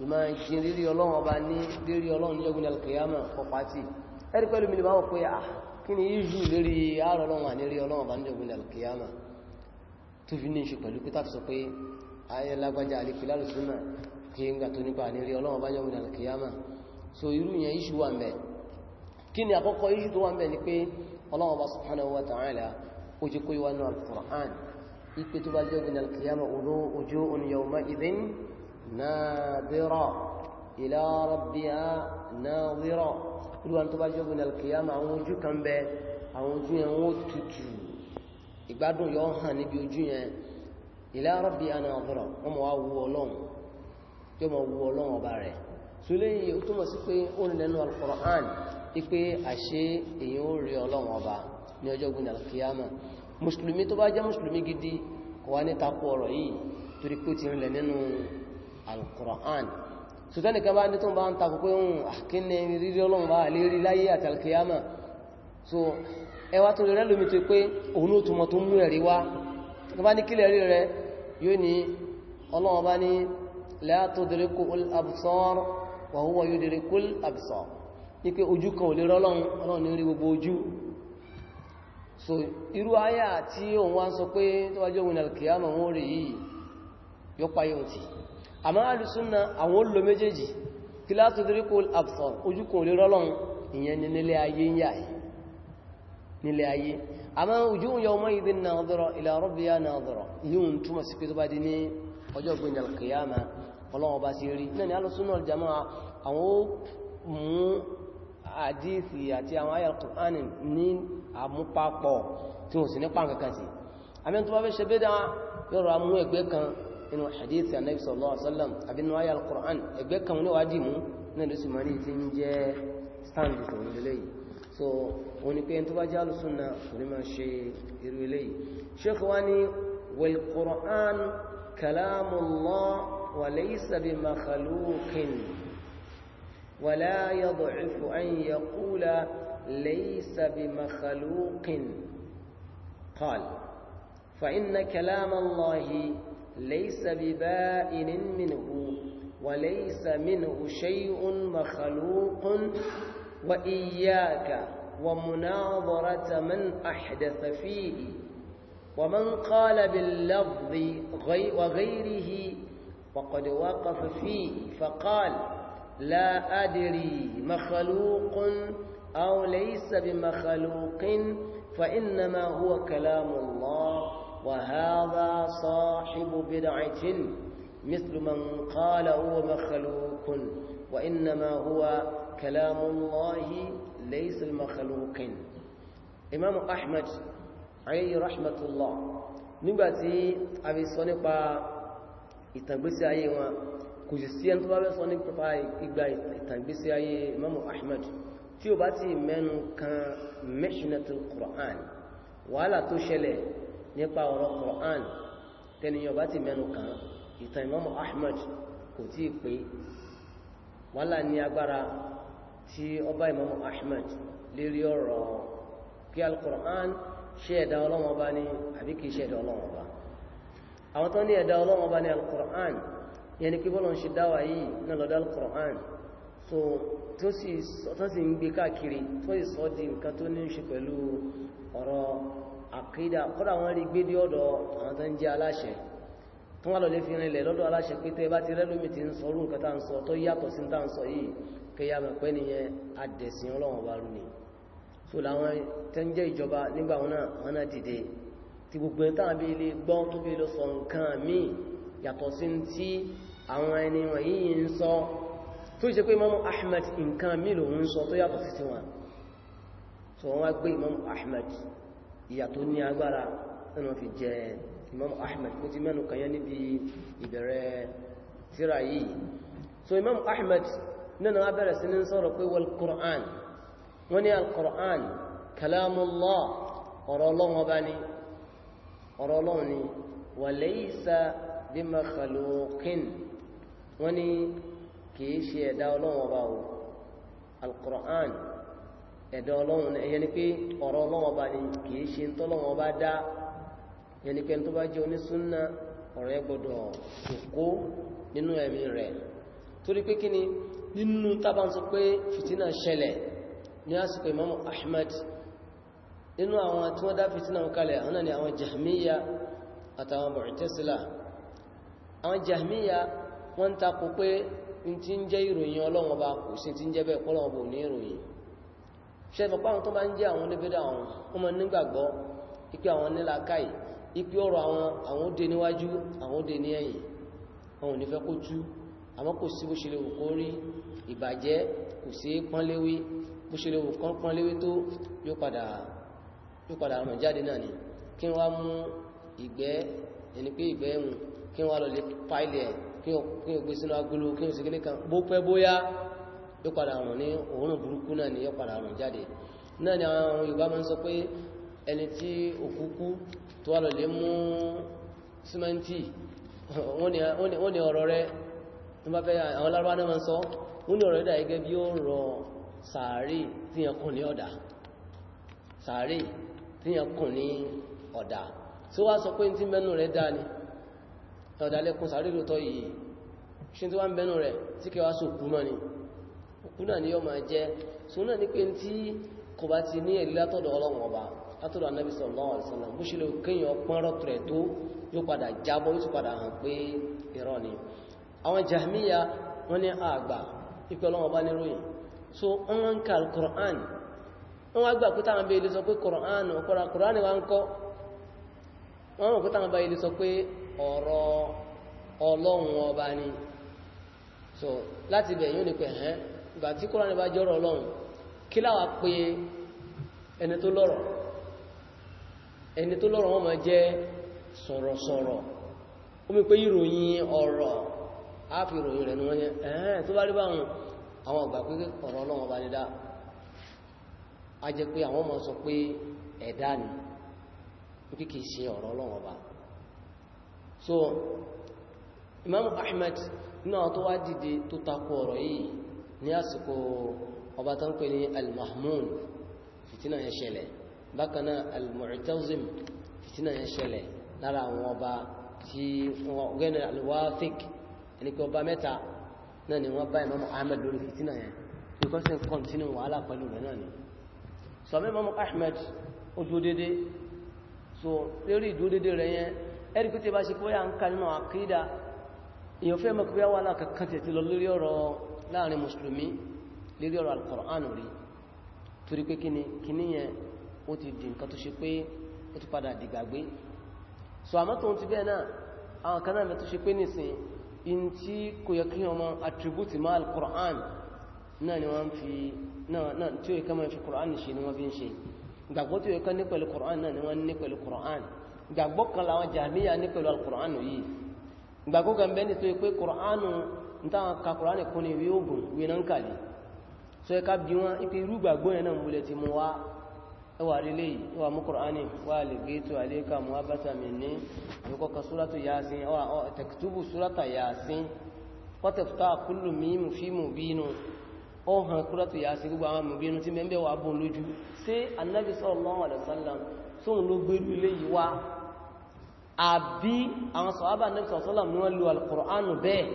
ima riri Ọlọ́hun ọba ni riri Ọlọ́hun jogun ko eri pẹ̀lú mi ni bawo iju ani riri ni jogun al qiyamah tu fi ni se pẹ̀lú pe ki nga riri so kí ni àkọ́kọ́ iṣu tó wà ń bẹ̀ ni pé Allahu subhanahu wa ta'ala ó jẹ́ kó yíwá náà al-Qur'an ipe tó bá jẹ́ ògùn al-qiyama wujuhun yawma'idhin nadira ila rabbiha nadira olúwan tó bá jẹ́ ògùn al-qiyama àwọn ojú kan bẹ àwọn ojú yẹn wọ́n tutù ó túnmọ̀ sí pé ó ń lẹ́nu al wípé àṣé èyí ó rí ọlọ́run ọba ní ọjọ́ gbìnà kìyàmà mùsùlùmí tó bá jẹ́ mùsùlùmí gidi kò wá ní takò ọ̀rọ̀ yìí torí pé ti rìnlẹ̀ nínú al sùtẹ́nìkan bá ní tó bá ń takò pé ohun àkínní bá lè rí láyé àti alkiyama so ẹwà yóò ní ọlọ́run bá ní pé ojú kan ò lè rọ́lọ́run ọlọ́run ní orí gbogbo ojú so irú ayá tí òun wá ń sọ pé tó wájú òun alkiyama wọ́n rí yìí yóò payé òtì àmá alùsúnna àwọn olùlọ méjèèjì kíláàtù díríkò absor ojú kan ò lè rọ́lọ́run ìyẹn nílé ayé ila rabbiha nadhira yíò ń túmọ̀ sí pé tó bá di ní ọjọ́ ògbìn alkiyama ọlọ́run ọba sí àdíìsì àti àwọn ayà Kùránì ní àmúpapọ̀ tí wọ́n sì nípa kankan sí àmì tó bá fẹ́ ṣe bídá yọ́rọ̀ amú ẹgbẹ́ kan inú àdíìsì Ànábì sallallahu alaihi wasallam àbí inú ayà so wọ́n ni pé tó bá jẹ́ alùsùnà kò ní máa ṣe irú eléyìí ولا يضعف أن يقول ليس بمخلوق قال فإن كلام الله ليس ببائن منه وليس منه شيء مخلوق وإياك ومناظرة من أحدث فيه ومن قال باللفظ وغيره وقد وقف فيه فقال لا أدري مخلوق أو ليس بمخلوق فإنما هو كلام الله وهذا صاحب بدعة مثل من قال هو مخلوق وإنما هو كلام الله ليس المخلوق إمام أحمد عليه رحمة الله نبتي أبي صنقى يتبسي أيها kò sì sí ẹni tó bá bẹ́ sọ nípa ìgbà ìtàgbésí ayé imamu ahmed tí ó bá ti mẹ́nu kan mishnatul Qur'an wàhálà tó ṣẹlẹ̀ nípa ọ̀rọ̀ Qur'an tẹniyàn bá ti mẹ́nu kan ìtàn imamu ahmed kò tí ì pé wàhálà ní agbára tí ọba imamu ahmed lérí ọ̀rọ̀ kí al-Qur'an ṣe ẹ̀dá ọlọ́wọ́ bá ní àbí ṣe ẹ̀dá ọlọ́wọ́ bá àwọn tó ní ẹ̀dá ọlọ́wọ́ bá ní al-Qur'an yẹn ni pé bọ́lọ̀ ń ṣe dáwà yìí náà lọ́dá al-Qur'an so tó sì ń gbé káàkiri tó ìsọ́ di nǹkan tó ní ṣe pẹ̀lú ọ̀rọ̀ àkídà kọ́dà wọ́n rí gbé dé ọ̀dọ̀ àwọn tó ń jẹ́ aláṣẹ tó wà lọ́lé fi rinlẹ̀ lọ́dọ̀ aláṣẹ pé tẹ́ bá ti rẹ́lómi ti ń sọ orú nǹkan tá sọ tó yàtọ̀ sí tá sọ yìí kẹyà mọ̀ pé nìyẹn adẹ̀sìn ọlọ́wọ̀n bá rú ni so làwọn tẹ́ ń jẹ́ ìjọba nígbà wọn náà wọn náà dìde ti gbogbo ẹ̀ táwọn ilé gbọ́n tó bí lọ sọ nǹkan míì yàtọ̀ sí tí àwọn ẹni wọ̀nyí ń sọ tó ṣe pé imamu ahmed nǹkan mílò ń sọ tó yàtọ̀ sí wọn so wọ́n wá gbé imamu ahmed ìyàtọ̀ ní agbára ẹnu fi jẹ imamu ahmed kó ti mẹ́nu kanyẹ níbi ìbẹ̀rẹ̀ tíra yìí so imamu ahmed ọ̀rọ̀ ọlọ́run ọba ni ọ̀rọ̀ ọlọ́run ni wa laysa bí makhluqin wọ́n ní kìí ṣe ẹ̀dá ọlọ́run ọba o alkùrán ẹ̀dá ọlọ́run ẹ̀yẹ ni pé ọ̀rọ̀ ọlọ́run ọba ni kìí ṣe ń tọ́lọ́run ọba dá ẹ̀yẹ ni pé tó bá jẹ́ onísúnná ọ̀rọ̀ ẹ gbọ́dọ̀ kókó nínú ẹ̀mí rẹ̀ torí pé kí ni nínú tábà ń sọ pé fìtínà ṣẹlẹ̀ ní àsìkò Imam Ahmad nínú àwọn tí wọ́n dá fìtínà kalẹ̀ àwọn ni àwọn Jahmiya àtàwọn Mu'tazila àwọn jahmiya wọ́n takò pé in ti ń jẹ́ ìròyìn ọlọ́run ọba kò sí ti ń jẹ́ bẹ́ẹ̀ pọ́lọ́run ọba ò ní ìròyìn ṣe fọ́pá àwọn tó bá ń jẹ́ àwọn oníbẹ̀dẹ̀ àwọn ọmọ nígbàgbọ́ ipe àwọn nílàkàì ipe ọ̀rọ̀ àwọn àwọn òde níwájú àwọn òde ní ẹ̀yìn àwọn ò fẹ́ kó tú àmọ́ kò sí bó ṣe lè wù kó rí ìbàjẹ́ kò sí pọ́nléwé bó ṣe lè wù kán pọ́nléwé tó yóò padà ràn jáde náà ni kí wọ́n mú ìgbẹ́ ẹni pé ìgbẹ́ ẹ̀hùn kí wọ́n lọ lè pàílẹ̀ ẹ̀ kí wọ́n gbé sínú agolo kí wọ́n sì kílé kan bó pẹ́ bóyá yóò padà rùn ní òórùn burúkú náà ni yóò padà rùn jáde náà ni àwọn Yorùbá máa ń sọ pé ẹni tí òkú kú tó wà lọ lè mú símẹ́ǹtì wọ́n ni ọ̀rọ̀ rẹ̀ tó bá fẹ́ àwọn lárúbá náà máa ń sọ wọ́n ni ọ̀rọ̀ rẹ̀ gẹ́gẹ́ bí ó rọ sàárè tí yẹn kùn ní ọ̀dà sàárè tí yẹn kùn ní ọ̀dà tí wọ́n sọ pé ní tí mẹ́nu rẹ̀ dáa ni ọ̀dálẹ́kùn sàárè lóòtọ́ yìí ṣe tí wá ń bẹ́nu rẹ̀ tí kẹwàá sókú mọ́ ni òkú náà ni yọ máa jẹ́ so náà ní pé tí kò bá ti ní ẹ̀lú látọ̀dọ̀ ọlọ́run ọba látọ̀dọ̀ anábì sallallahu alaihi wasallam bó ṣe lè kéèyàn pọ́nrọ́ ni àwọn jahmiya wọ́n ní àgbà ipe quran wọ́n wá gbà pé lè Qur'an ọ̀pọ̀ra Qur'an wa ń kọ́ wọ́n mọ̀ sọ pé ọ̀rọ̀ ọlọ́run ọba ni so láti bẹ̀ yóò ní pẹ̀ ẹ́ ìgbà tí kúrò nípa jọ́rọ̀ ọlọ́run kí láwà pé ẹni tó lọ́rọ̀ ẹni tó lọ́rọ̀ wọ́n máa jẹ́ sọ̀rọ̀sọ̀rọ̀ ó mi pé ìròyìn ọ̀rọ̀ á fi ìròyìn rẹ̀ ní wọ́n yẹn ẹ̀ẹ́ tó bá rí báhùn àwọn àgbà pé ọ̀rọ̀ so imam ahmed náà tó wá dìde tó takò ọ̀rọ̀ yìí ní àsìkò ọba tán pè ní al-mahmun fitina yẹn ṣẹlẹ̀ bákaná al-mu'tazim fitina yẹn ṣẹlẹ̀ lára àwọn ọba tí wọ́n gẹ́nà al-wafiq ẹni pé ọba mẹ́ta náà ni wọ́n bá imam ahmed lórí fitina yẹn tí kọ́ wàhálà pẹ̀lú rẹ̀ náà ni sọmọ imam ahmed ó dédé so lérí ìdúró dédé rẹ̀ yẹn ẹ̀rí pé tí bá ṣe kó yá ń ká nínú àkídà èyàn fẹ́ mọ́kú yá wà lákàkàn tẹ̀ tí lọ lórí ọ̀rọ̀ láàrin mùsùlùmí lórí ọ̀rọ̀ alkọ̀rán rí torí pé kíni kíní yẹn ó ti di nǹkan tó ṣe pé ó ti padà dìgbàgbé ni wọ́n fi náà tí ó yẹ kí wọ́n ni wọ́n fi ń ṣe ìgbàgbọ́ tí ó yẹ ni wọ́n ní pẹ̀lú kọ̀rán ga kan láwọn jàmíyà ní pẹ̀lú alkùránù yìí ìgbàgbọ́ kan bẹ́ẹ̀ ni tó pé kùránù táwọn ka kùránù kún ní ìwé ogun ìwé náà ń kàlẹ̀ so ẹka bí wọ́n ipé irú ìgbàgbọ́ yẹn náà múlẹ̀ ti mú wá ẹwà rílé ìwà mú kùránù wà lè gẹ́tù àlékà mú gbogbo àwọn mùbínú tí wà lójú sí ló ilé àbí àwọn sọ̀hábà nẹ́bí sọ̀sọ́làm ní wọ́n lo alkùránù bẹ́ẹ̀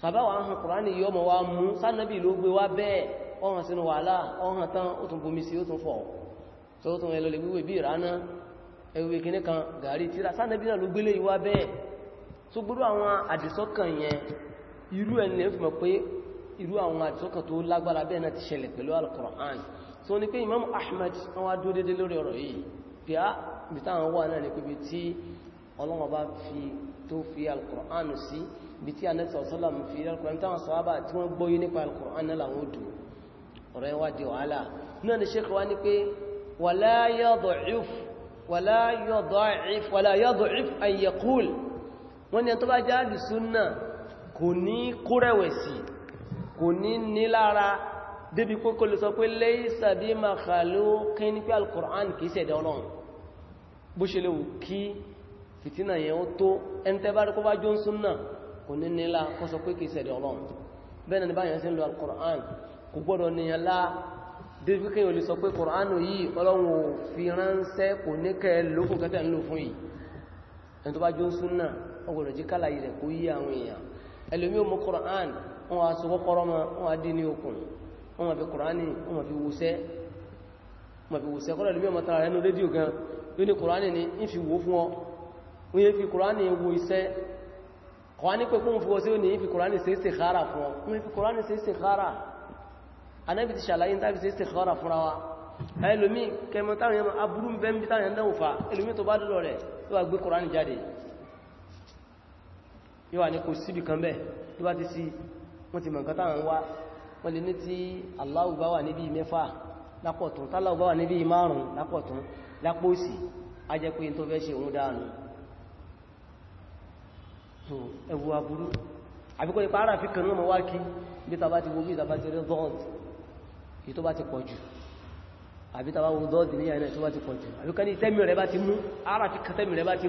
sọ̀hábà wà hàn kùránì yóò mọ̀ wá mú sánàbì ló gbé wá bẹ́ẹ̀ ọ̀hàn sínú wàhálà ọ̀hàn tán ó tún bomi sí ó tún fọ̀ tó tún ẹlọ́lẹ̀ wíwẹ̀ bí ìrànà ẹwẹ́ kìíní kan gàrí tíra sánàbì náà ló gbélé ìwá bẹ́ẹ̀ tó gbọ́dọ̀ àwọn àdìsọ́kàn yẹn irú ẹni ẹ̀ fìmọ̀ pé irú àwọn àdìsọ́kàn tó lágbára bẹ́ẹ̀ náà ibi táwọn wà náà ní pé ibi tí ọlọ́wọ́ bá fi tó fi alkùrán sí ibi tí anẹ́sọ̀ sọ́làmù fi alkùrán táwọn sọ́ábà tí wọ́n gbóyé nípa alkùrán náà làwọn odò ọ̀rọ̀ ẹwà di wàhálà náà ni ṣékọ̀wá ní pé wàlá yọ́dọ̀íf ayyakul wọ́n ni tó bá jáàdì súnnà kò ní kúrẹ̀wẹ̀sì kò ní nílára débi pé kò lè sọ pé lẹ́yìn sàbí màkàlù kí ní pé alkùrán kìí sẹ̀dẹ̀ ọlọ́run bó ṣe léwu kí fìtínà yẹn ó tó ẹntẹ́ bá rí kó bá jó ń súnnà kò ní nílá kó sọ pé kìí sẹ̀dẹ̀ ọlọ́run bẹ́ẹ̀ ni báyẹ̀ sí lọ al-Qur'an kò gbọ́dọ̀ níyàn lá débi kí o lè sọ pé Qur'an yìí ọlọ́run ò fi ránṣẹ́ kò ní kẹ́ lókò kẹ́tẹ́ ń lò fún yìí Qur'an wọn wá sọ kọ́kọ́rọ́ mọ́ wọn wá dín ní okùn wọn wá fi Qur'an wọn wá fi wúṣẹ́ mọ̀fíwòsẹ̀ kọ́lẹ̀ lórí ọmọ tààrà ẹnu rédíò gan yóò ní kùránì ní ìfi wo fún o oye fi kùránì wo iṣẹ́ kọ́wání pé kún fíwọ́ sí o ní ìfi kùránì sí istikhara fún ọ oye fi kùránì sí istikhara anábi ti ṣàlàyé tàbí sí istikhara fúnra wa ẹlòmí kẹmọtàrin aburú bẹ́m̀bí tàrin ẹ̀ndẹ̀ òfà ẹlòmí tó bá dọ́lọ rẹ̀ yóò gbé kùránì jáde yóò wà ní kò síbi kan bẹ́ẹ̀ tó bá ti sí wọ́n ti mọ̀ nǹkan táwọn wá wọ́n lè ní tí Allahu bá wà níbi mẹ́fà lápọ̀tún tálàbá wà níbi márùn lápọ̀tún lápòsì a jẹ́ pé tó fẹ́ ṣe òun dáànù tó ẹwù aburú àbíkọ́ ipa ara fi kìrìnà mọ́ wá kí bí tàbá ti gbogbo ìtàbá ti result kì tó bá ti pọ̀ jù àbí tàbá wo dọ́ọ̀dì ní ẹ̀nà tó bá ti pọ̀ jù àbíkọ́ ní tẹ́mì rẹ̀ bá ti mú ara fi kẹtẹ́mì rẹ̀ bá ti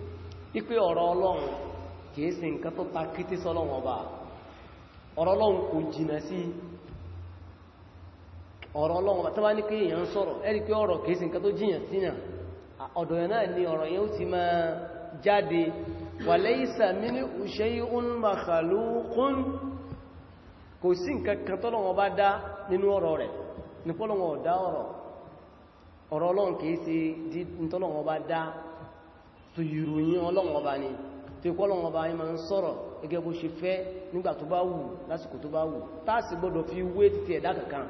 wípé ọ̀rọ̀ ọlọ́run kìí sí nǹkan tó ta kété ọba ọ̀rọ̀ ọlọ́run kò jìnà sí ọ̀rọ̀ ọlọ́run tó bá ní pé èèyàn sọ̀rọ̀ ẹ́rí pé ọ̀rọ̀ kìí sí nǹkan tó jìyàn síyàn ọ̀dọ̀ yẹn náà ni ọ̀rọ̀ yẹn ó ti máa jáde ọ̀rọ̀ ọlọ́run kìí tó ìròyìn ọlọ́run ni tó ikọ́ ọlọ́run ni ma ń sọ̀rọ̀ gẹ́gẹ́ bó ṣe fẹ́ nígbà tó bá wù lásìkò tó bá wù táàsì gbọ́dọ̀ fi wé títí ẹ̀dá kankan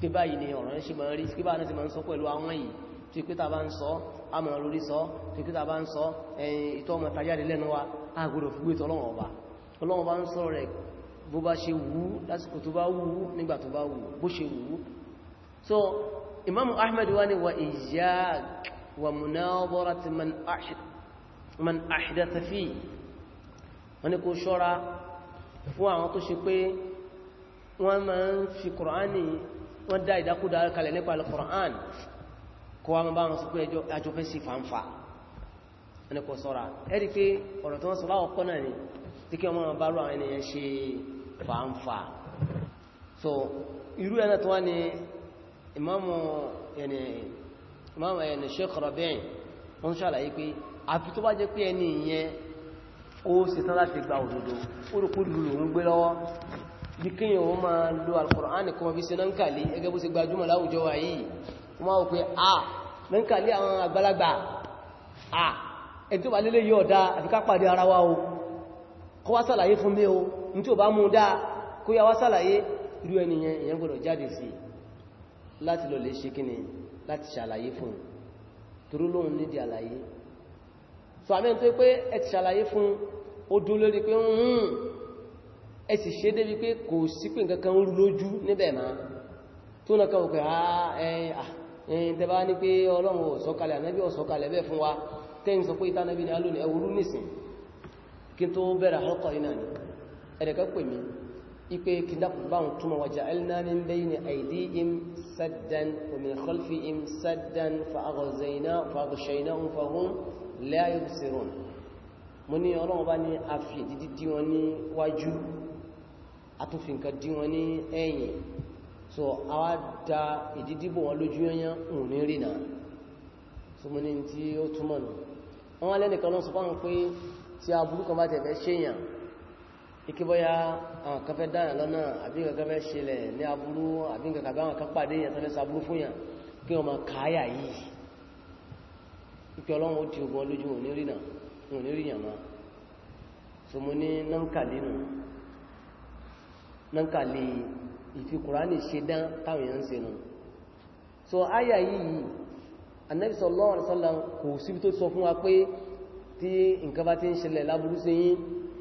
pé báyìí ni ọ̀rọ̀ ṣe máa rí sí bá náà ti máa ń sọ pẹ̀lú àwọn yìí so Imam Ahmed wa ni wa iyak ومناظرة من أحد من أحدث فيه wọ́n ní kó ṣọ́ra fún àwọn tó ṣe pé wọ́n máa ń fi kùránì wọ́n dá ìdákúdá kalẹ̀ nípa alkùrán kó wọ́n bá wọn sí pé ẹjọ́ fẹ́ sí fàǹfà wọ́n ní kó ṣọ́ra ẹ̀rí pé ọ̀rọ̀ tó wọ́n sọ láwọ́kọ́ náà ni tí kí wọ́n bá rú àwọn ènìyàn ṣe fàǹfà so irú ẹ̀nà tó wá ni imamu yani imam ẹni sheikh Rabi' wọ́n ṣàlàyé pé àfi tó bá jẹ́ pé ẹni ìyẹn ó ṣetán láti gba òdodo orúkú lulù ń gbé lọ́wọ́ bí kíyàn ó máa lo alkùnránì kọmọ bí sí nánkàlé ẹgẹ́ bó ṣe gbajúmọ̀ láwùjọ wà yìí wọ́n máa pé à nánkàlé àwọn àgbàlagbà à ẹni tó bá lélé yóò dá àfi ká pàdé ara wa o irú ẹniyẹn ìyẹn gbọ́dọ̀ jáde sí láti lọ lè ṣe kíni láti ṣàlàyé fún un torí lóhun nídi àlàyé so àmì tó pé ẹ ti ṣàlàyé fún ó dún lórí pé hùn ẹ sì ṣe débi pé kò sí pé nǹkan rú lójú níbẹ̀ máa tó náà kan òkè ah, ẹ̀yìn tẹba ní pé ọlọ́run ipe kìdàkù bá ń túnmọ̀ wàjá alnamin bayni aidihim saddan omin khalfihim saddan fa'agọ̀ṣẹ́ináhun fahun um, la yubsirun mo ní ọlọ́wọ́ bá ní àfi dídí dí wọn ní wájú àtúnfìnkà dí ní ẹ̀yìn so a wá da ìdídíbò wọn lójú yányán òun ní àwọn kan fẹ́ dáyàn lọ́nà àbí nǹkan fẹ́ ṣẹlẹ̀ ní aburú àbí nǹkan kàbí àwọn kan pàdé èèyàn tó fẹ́ saburú fún yàn kí wọ́n máa káyà yìí ìpẹ́ ọlọ́run ó ti ogun olójú onírìyàn máa so mo ní nánkàlínù nánkàlí ìfikùránì ṣe wa pé tí nǹkan bá ti ń ṣẹlẹ̀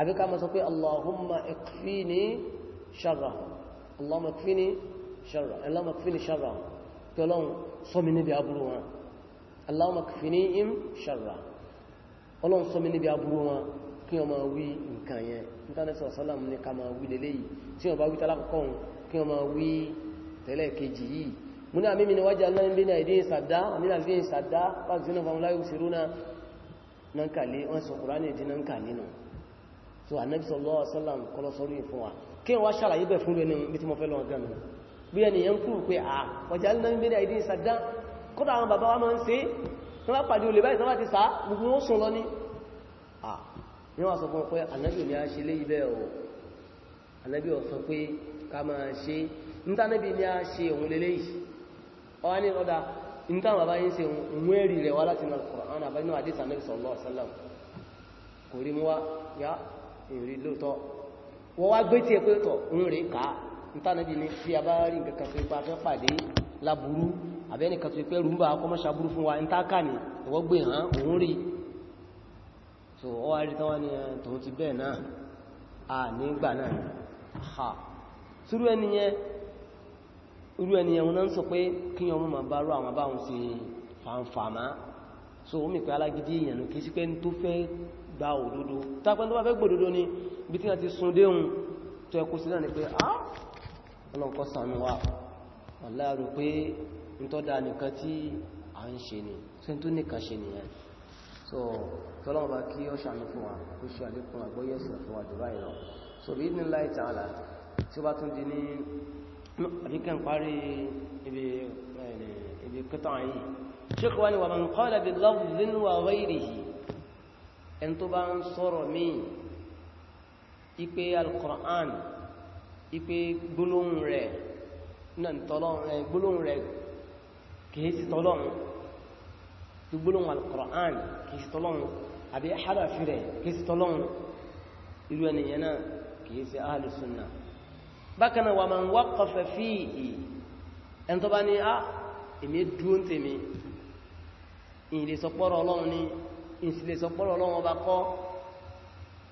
àbí ká mọ́ sọ pé allahumma ikfini sharrahum allahumma ikfini sharrahum allahumma ikfini sharrahum pé ọlọ́run ṣọ́ mi níbi aburú wọn allahumma ikfinihim sharrahum ọlọ́run ṣọ́ mi níbi aburú wọn kí wọ́n máa wí nǹkan yẹn nítànẹ́sọ̀ sálàm ní ká máa wí lélẹ́yìí tí wọ́n bá wí tálákọ̀ọ́ kí wọ́n máa wí tẹ́lẹ̀ kejì yìí muna mimi ni waje Allah bin aidin sadda min alfin sadda so anabi sallallahu alaihi wasallam kọlọ sọ lóyìn fún wa kí wọ́n ṣàlàyé bẹ̀ fún lónìí bí tí mo fẹ́ lọ gan mi bí ẹni yẹn kúrò pé à ọjà ní nàbí bẹ́rẹ̀ ìdí ìsàdá kọ́dà àwọn bàbá wa máa ń ṣe wọ́n bá pàdé olè báyìí sábà ti sá gbogbo wọn ni a ṣe léyìí bẹ́ẹ̀ o ni a ṣe òun lélẹ́yìí ọ wá ní ọ̀dà níta bàbá yín ṣe òun èrì rẹ̀ àbáyé náà àdìsàn anabi sallallahu alaihi wasallam kò rí mú wá yá èrè lóòtọ́ wọ́n wá gbé tí ẹ pé tọ̀ ń rè ká nítànàbí ní tí a bá rí nǹkan kan tó ipa fẹ́ pàdé láburú àbẹ́nìkan tó ipẹ́ rúmbà kọmọ́ṣà burú fún wa ń tákà ní ìwọ́ gbé hàn òun rí so ọ wá rí tán wá ní tòun ti bẹ́ẹ̀ náà à nígbà náà ha túrú ẹniyẹn irú ẹniyẹn wọn náà ń sọ pé kí ọmọ ma bá rú àwọn báwọn ṣe fàǹfàmá so ó mì pé alágídí èèyàn kì í sí gba òdodo tápẹ́ tó bá fẹ́ gbòdodo ni bí tí a ti sun déhun tó ẹkù sílẹ̀ ni pé ah ọlọ́nkọ́ sàmì wa aláàrù pé ń tọ́ da nìkan tí a ń ṣe ni tí tó nìkan ṣe nìyẹn so tọ́lọ́wọ́ bá kí ó ṣàmì fún wa kó ṣe àlékún àgbóyẹ̀sìn fún wa jù báyìí lọ so bí ní láì tààlà tí ó bá tún di ní àbíkẹ́ ń parí ibi kẹta eh, yìí ṣe kọwa ni wà mọ̀ nǹkan lẹ́bi lọ́wọ́ ẹn tó bá ń sọ̀rọ̀ míì ipé al-Qur'an ipé gbólóhùn rẹ̀ gbólóhùn rẹ̀ kìí sí tọ́lọ́run gbólóhùn al-Qur'an kìí sí tọ́lọ́run àbí harafi rẹ̀ kìí sí tọ́lọ́run irú ẹniyàn náà kìí sí ahlu sunnah bákanáà wà man waqqafa fihi ah, ni ìsìlẹ̀ sọpọ́rọ̀ ọlọ́wọ́ bá kọ́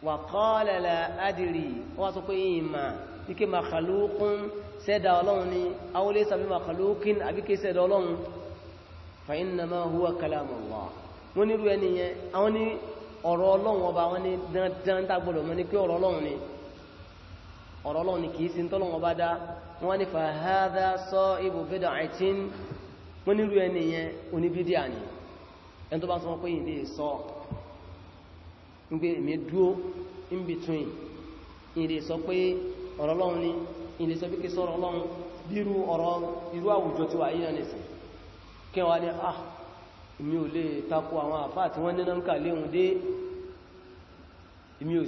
wà qala la adìrí wọ́n sọ pé ìmà wíké makhalukun sẹ́dà ọlọ́run ni awolé sàbí makhalukin àbíké sẹ́dà ọlọ́run fa innama huwa kalamullah wọ́n nírú ẹni yẹn àwọn ní ọ̀rọ̀ ọlọ́run ni ọ̀rọ̀ ẹni yẹn oníbídíà ni ẹn tó bá sọ pé ìdí sọ ń gbé èmì dúó in between ìdí sọ pé ọ̀rọ̀ Ọlọ́run ni ìdí sọ pé sọ́rọ̀ Ọlọ́run bírú ọ̀rọ̀ irú àwùjọ ti wà yíyàn nìsìn kẹwàá ni ah mi ò lè tako àwọn àfáà tí wọ́n nínú ń kà léhun dé èmi ò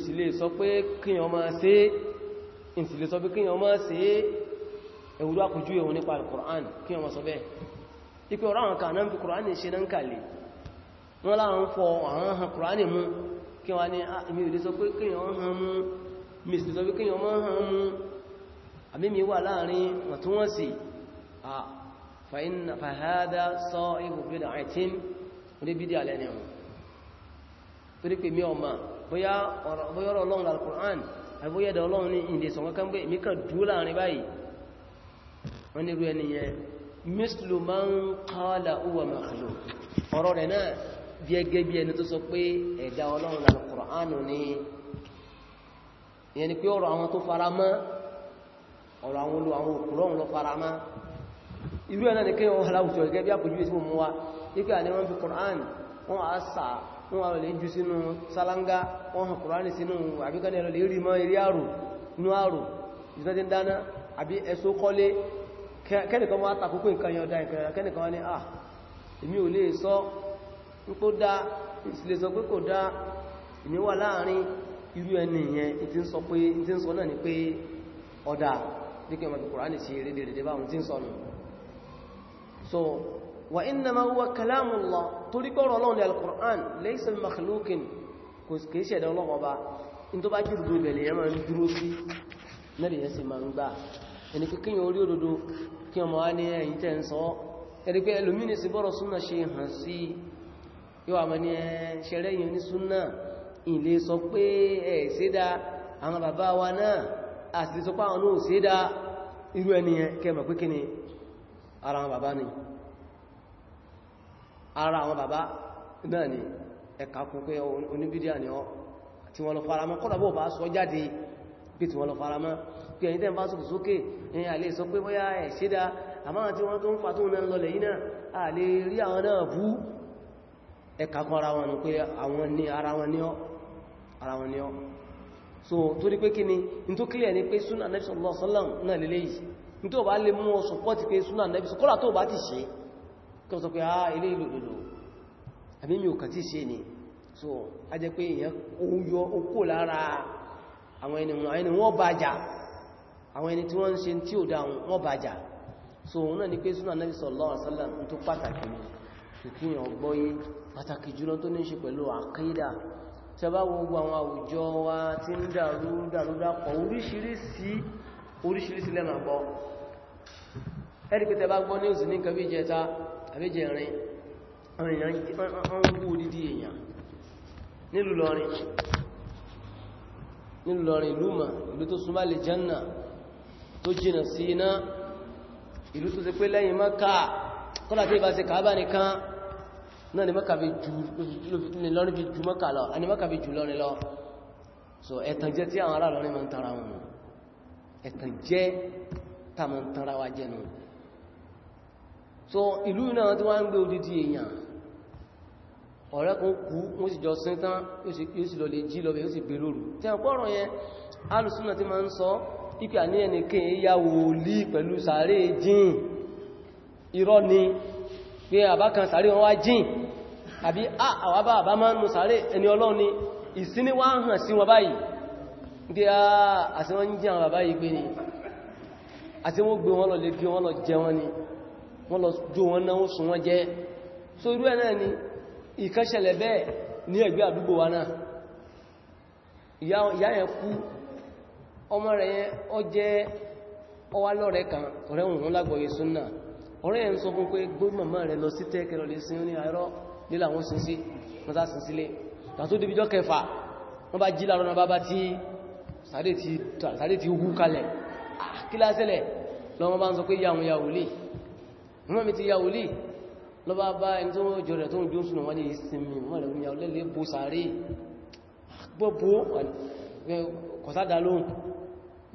àkójú ẹ̀wọ̀n nípa Al-Qur'an kíyàn máa sọ bẹ́ẹ̀ ipẹ́ ọ̀rọ̀ àwọn kà náà fi Qur'an ṣe náà ń kà wọ́n láwọn fọ àwọn hàn kùránì mú kí wọ́n ní àmì ah, òdí sọ pé kíyàn hàn mú mìsì sọ pé kíyàn mọ́ hàn mú àmìmì wà láàrin wàtúnwọ́sì fàhádá sọ ihò bídà àìtín orí bídà lẹ́ni wọn torí pé mi ọmọ bóyá ọ̀rọ̀ ọlọ́run alkùrán àbóyẹ́dà ọlọ́run ní ìdè sọ kankan pé ọ̀rọ̀ rẹ̀ náà bí ẹgẹ́ bí ẹni tó sọ pé ẹ̀dá ọlọ́run lànà kùránù ni ìyẹn ni pé ọ̀rọ̀ àwọn tó fara mọ́ ọ̀rọ̀ àwọn olú àwọn òkúrọ̀run lọ fara mọ́ irú ẹ̀nà ni kéwọn aláwùjọ gẹ́gẹ́ bí àpòjú ìsìnkú mú wa ipé àní wọ́n fi kùránù wọ́n á sà wọ́n á lè jù sínú sálángá wọ́n hàn kùránù sínú àbíkánì ẹ̀rọ lè rí mọ́ eré àrò inú àrò ìsìnkú dáná àbí ẹ̀sọ́ kọ́lé kẹ́nìkan wọ́n á tàkókò nǹkan yọ̀dá kó dá ìsìlẹ̀ sọ pé kò dá ìní wà láàrin irú ẹni ìyẹn tí ń sọ pé tí ń sọ náà ni pé ọ̀dà díkẹ̀ mọ̀ Kùránì sí eré dèrè bá tí ń sọ so wa innama huwa kalamullah torí kọ́rọ̀ ọlọ́run ní al-Qur'an laysa bi makhluqin kò kìí ṣẹ̀dá ọlọ́run ọba in tó bá jù dúró ibẹ̀lẹ̀ yẹn máa ń dúró sí mẹ́rin yẹn sì máa ń gbà ẹni pé kíyàn orí òdodo kí ọmọ wá ní ẹ̀yìn tẹ́ ń sọ ẹni ẹlòmínì sí bọ́rọ̀ súnmọ̀ ṣe hàn sí yóò àmọ́ ní ṣẹ̀rẹ́ yìí ní súnnà ilé sọ pé ẹ̀ ṣédá àwọn bàbá wa náà àti sọ páwọn náà ṣédá irú ẹniyàn kẹmọ̀ pé kí ni ara àwọn bàbá ni ara àwọn bàbá náà ni ẹ̀ka kún pé oníbídíà ni ọ tí wọ́n lọ faramọ́ kọ́dà bó bá sọ jáde bí tí wọ́n lọ faramọ́ pé ẹ̀yìn tẹ́ ń bá sọ sókè ẹ̀yìn àlè sọ pé bóyá ẹ̀ ṣédá àmáhàn tí wọ́n tó ń fàtún náà lọlẹ̀ yìí náà àlè rí àwọn náà bú ẹka kọ́ ara wọn pé àwọn ní ara wọn ní ọ́ ara wọn ní ọ́ so tó rí pé kí ni n tó kílẹ̀ ní pé súnà nẹ́bí sọ́lọ́ sọ́lọ́m náà lélẹ́ yìí n tó bá lè mú ọ sọpọ́tì pé súnà nẹ́bí sọ́kọ́lá tó bá ti ṣe kí sọ pé ah ilé ìlú òdòdó àbí mi ò kàn tí ṣe ni so a jẹ́ pé èèyàn oyọ okó lára àwọn ẹni wọn ẹni wọ́n bàjà àwọn ẹni tí so òun ni pé súnà nẹ́bí sọ́lọ́ sọ́lọ́m tó pàtàkì ni kìkíyàn gbọ́yé pàtàkì jùlọ tó ní ṣe pẹ̀lú àkídà tẹbá gbogbo àwọn àwùjọ wa tí ń dàrú dàrúdàpọ̀ oríṣiríṣi oríṣiríṣi lẹ́nà gbọ́ ẹ̀rí pé tẹbá gbọ́ ní òsì ní nǹkan bí jẹta àbíjẹrin ọ̀rìnrìn odidi èèyàn nílùú lọrin nílùú lọrin ìlú mà tó súnmọ́ pé lẹ́yìn Mákà kọ́lá tí ìbá ṣe kàábà nìkan náà ni mọ́kà fi jù lọ́rin fi jù mọ́kà lọ a ni mọ́kà fi jù lọ́rin lọ so ẹ̀tànjẹ́ tí àwọn ará lọ́rin ma ń tara wọn ẹ̀tànjẹ́ ta ma tara wa jẹnu so ìlú náà tí wọ́n ń gbé odidi èèyàn ọ̀rẹ́ kan kú wọ́n sì jọ sín tán yóò sì lọ lè jí lọ́bẹ̀ yóò sì gbé lóru tí a pọ́rọ̀ yẹn alùsùnà ti ma ń sọ ipi àní ẹnìkan ya wòlí pẹ̀lú sàárè jìn irọ́ ni pé àbákan sàárè wọn wá jìn àbí ah, àwọn bàbá máa ń sàárè ẹni ọlọ́run ni ìsíní wá hàn sí wọn báyìí dí ah, àti wọ́n ń jẹ́ àwọn bàbá yìí pé ni àti wọ́n gbé wọn lọ lè wọn lọ jẹ wọn ni wọ́n lọ jó wọn náà ó sùn wọn jẹ́ so irú ẹ̀ ni ìkẹ́ṣẹlẹ̀ bẹ́ẹ̀ ní ẹ̀gbẹ́ àdúgbò wa náà ìyá yẹn kú ọmọ kan nílà wọn sin sí wọ́n sá sin sílé tàbí tó débìjọ́ kẹfà wọ́n bá jí láàrọ̀ náà bá tí sàárè ti hú kalẹ̀ ah, kíláṣẹ́lẹ̀ lọ́wọ́ bá ń sọ pé yàwó yàwòlì mọ́ mi ti yàwòlì lọ bá bá ẹni tó jọ rẹ̀ tó ń bí ó súnà wọ́n ní ìsinmi wọ́n lè yàwó lẹ́lẹ́ bó sàárè ah, gbọ́bọ́ eh, kọ̀sádà lóhun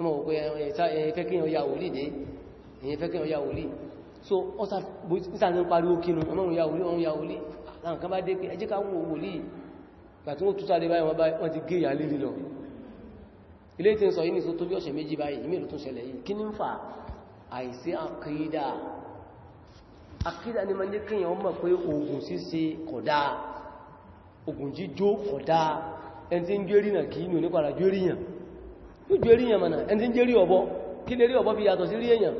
mọ́ òpé ẹ̀fẹ́ eh, eh, kí yàwòlì dé ẹ̀fẹ́ kí yàwòlì so ọ́sà láwọn kan bá dé pé ẹjẹ́ káwọn wòlíì gbàtí wọ́n tútà lè báyìí wọ́n ti gé ìyà lérí lọ ilé tí ń sọ yìí ní tó bí ọ̀sẹ̀ méjì báyìí ìmìlú tó ṣẹlẹ̀ yìí kí ní ń fa àìsí àkídà ni ma ní kíyàn ọmọ pé ogun ṣíṣe kódà ogun jíjó kódà ẹni tí ń gbérí nà kí ní onípàdà gbéríyàn yóò gbéríyàn mọ̀nà ẹni tí ń gbérí ọ̀bọ kí èèyàn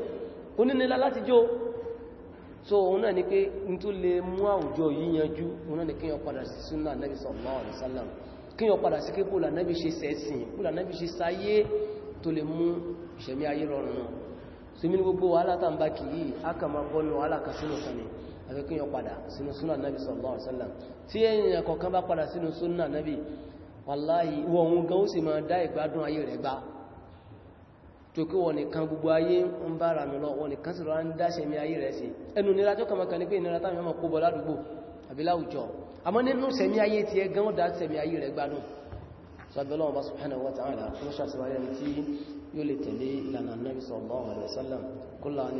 onínílá láti so òun náà ni pé n tó lè mú àwùjọ yìí yanjú òun náà ni kíyàn padà sí súnà nẹ́bí sallallahu alaihi wasallam kíyàn padà sí pé bóòlà nẹ́bí ṣe sẹ́sìn bóòlà nẹ́bí ṣe sáyé tó lè mú ìṣẹ̀mí ayé rọrùn náà a kà máa bọ́nu wàhálà kan sínú kan ni àfi kíyàn padà sínú súnà nẹ́bí sallallahu alaihi wasallam tí èèyàn kọ̀ọ̀kan bá padà tó kí wọn nìkan gbogbo ayé ń bá ra mi lọ wọn nìkan sì rán dáṣẹ mi ayé rẹ̀ sí ẹnu nira tó kàmàkà ní pé ìnira táwọn ọmọ kó bọ ládùúgbò àbí láwùjọ àmọ́ nínú sẹ̀mí ayé tí ẹ gán dá sẹ̀mí ayé rẹ̀ gbádùn sọ́bẹ̀lọ́wọ́ subhanahu wa ta'ala tó ṣàṣìwárí ẹni tí yóò lè tẹ̀lé ìlànà nabi sallallahu alaihi wasallam kúlá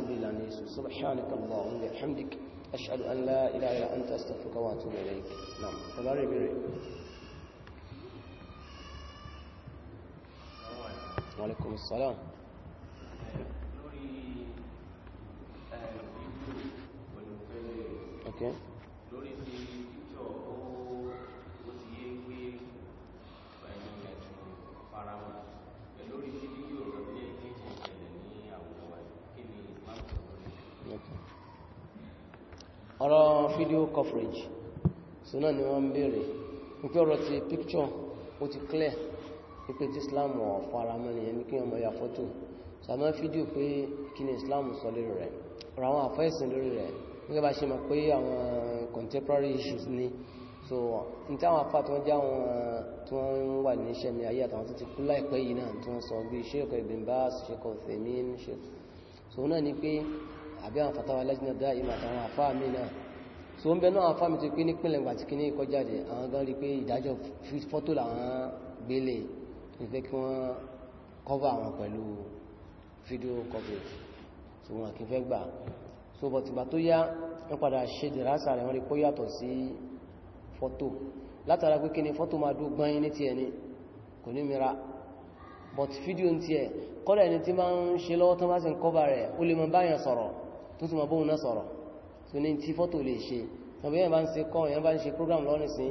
níbi Okay. Lórí ti píkọ̀ ó ti yé gbé ẹni ẹ̀tù faramọ̀. Lórí ti fídíò ní ẹ̀kẹ́kẹ́ ìṣẹ̀lẹ̀ ní àwùjọ wa kí ni ọ̀rọ̀ fídíò coverage so náà ni wọ́n picture ó ti clear wípé tí Islam ọ̀fọ́ ara mọ́ nìyẹn ní kí ọmọ ya fọ́tò sàmọ́ fídíò pé kí ni Islam sọ lórí rẹ̀ ọ̀rọ̀ àwọn àfẹ́sìn lórí rẹ̀ gẹ́gẹ́ bá ṣe mọ̀ pé àwọn contemporary issues ni so n tí àwọn afá tí wọ́n já wọn tí wọ́n ń wà ní iṣẹ́ ní ayé àtàwọn tó ti kú láìpẹ́ yìí náà tí wọ́n sọ bí ṣéèkọ̀ ìbìnbá ṣéèkọ̀ fèmín ṣe so náà ni pé àbí àwọn fatawa lẹ́jìnà dá ìmọ̀ àtàwọn afá mi so ń bẹ náà afá mi ti pé nípìnlẹ̀ ìgbà tí kìíní kọ́ jáde àwọn cover àwọn pẹ̀lú fídíò coverage so wọn so but ìgbà tó yá wọ́n padà ṣe dìrásà rẹ̀ wọ́n rí pọ́ yàtọ̀ sí fọ́tò látara pé kí ni fọ́tò máa dó gbáyín ní ti ẹni kò ní mìíràn but fídíò ń tiẹ̀ kọ́lẹ̀ ẹni tí máa ń ṣe lọ́wọ́ tán bá sì ń kọ́bà rẹ̀ ó lè mọ báyàn sọ̀rọ̀ tó sì mọ bóun náà program lọ́nà sí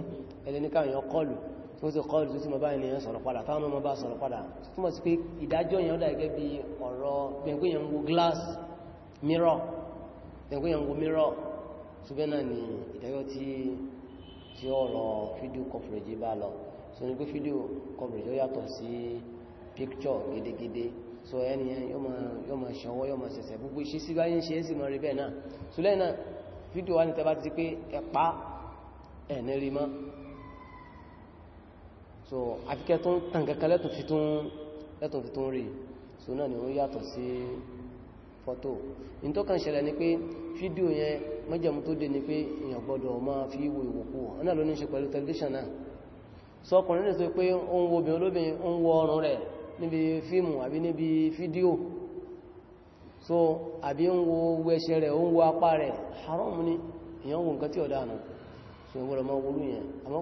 ẹlẹ́níkà yẹn kọlù tó sì kọlù tó sì mọ báyàn yẹn sọ̀rọ̀ padà táwọn ọmọ bá sọ̀rọ̀ padà túmọ̀ sí pé ìdájọ́ yẹn ó dà gẹ́gẹ́ bí ọ̀rọ̀ pẹ̀kú yẹn ń ẹgbẹ́ yẹn wo mírọ̀ ṣùgbẹ́ náà ni ìdájọ́ tí tí ọ̀rọ̀ fídíò coverage bá lọ so ní pé fídíò coverage ó yàtọ̀ sí picture gédégédé so ẹni yẹn yóò máa ṣọwọ́ yóò máa ṣẹ̀ṣẹ̀ gbogbo iṣẹ́ sí so lẹ́yìn náà fídíò wá ní tẹ́bá ti pé so àfikẹ́ tó ń tàn kẹ́kẹ́ so náà ni fọ́tò in tó n' ṣẹlẹ̀ ni pé fídíò yẹn mẹ́jẹ̀mú tó dé ni pé èyàn gbọ́dọ̀ fi wo ìwòkú ọ̀nà ló ní ṣe pẹ̀lú tẹlifíṣàn náà sọ sọ pé ó obìnrin olóbìn ó wọ ọrùn rẹ̀ níbi fíìmù so àbí wo owó ẹsẹ̀ rẹ̀ ó ń wo apá rẹ̀ haram ni èyàn wo nǹkan tí so ìwọ̀rọ̀ máa wọlú yẹn àmọ́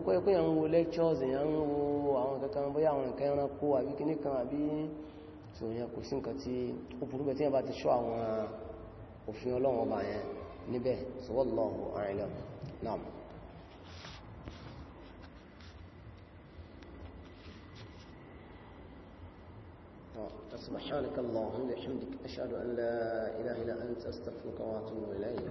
so yẹn kò sí nǹkan tí ó burú bẹ́ẹ̀ tí yẹn bá ti ṣọ́ àwọn òfin ọlọ́wọ́n ọba yẹn níbẹ̀ so wallahu a'lam naam. سبحانك اللهم وبحمدك أشهد أن لا إله إلا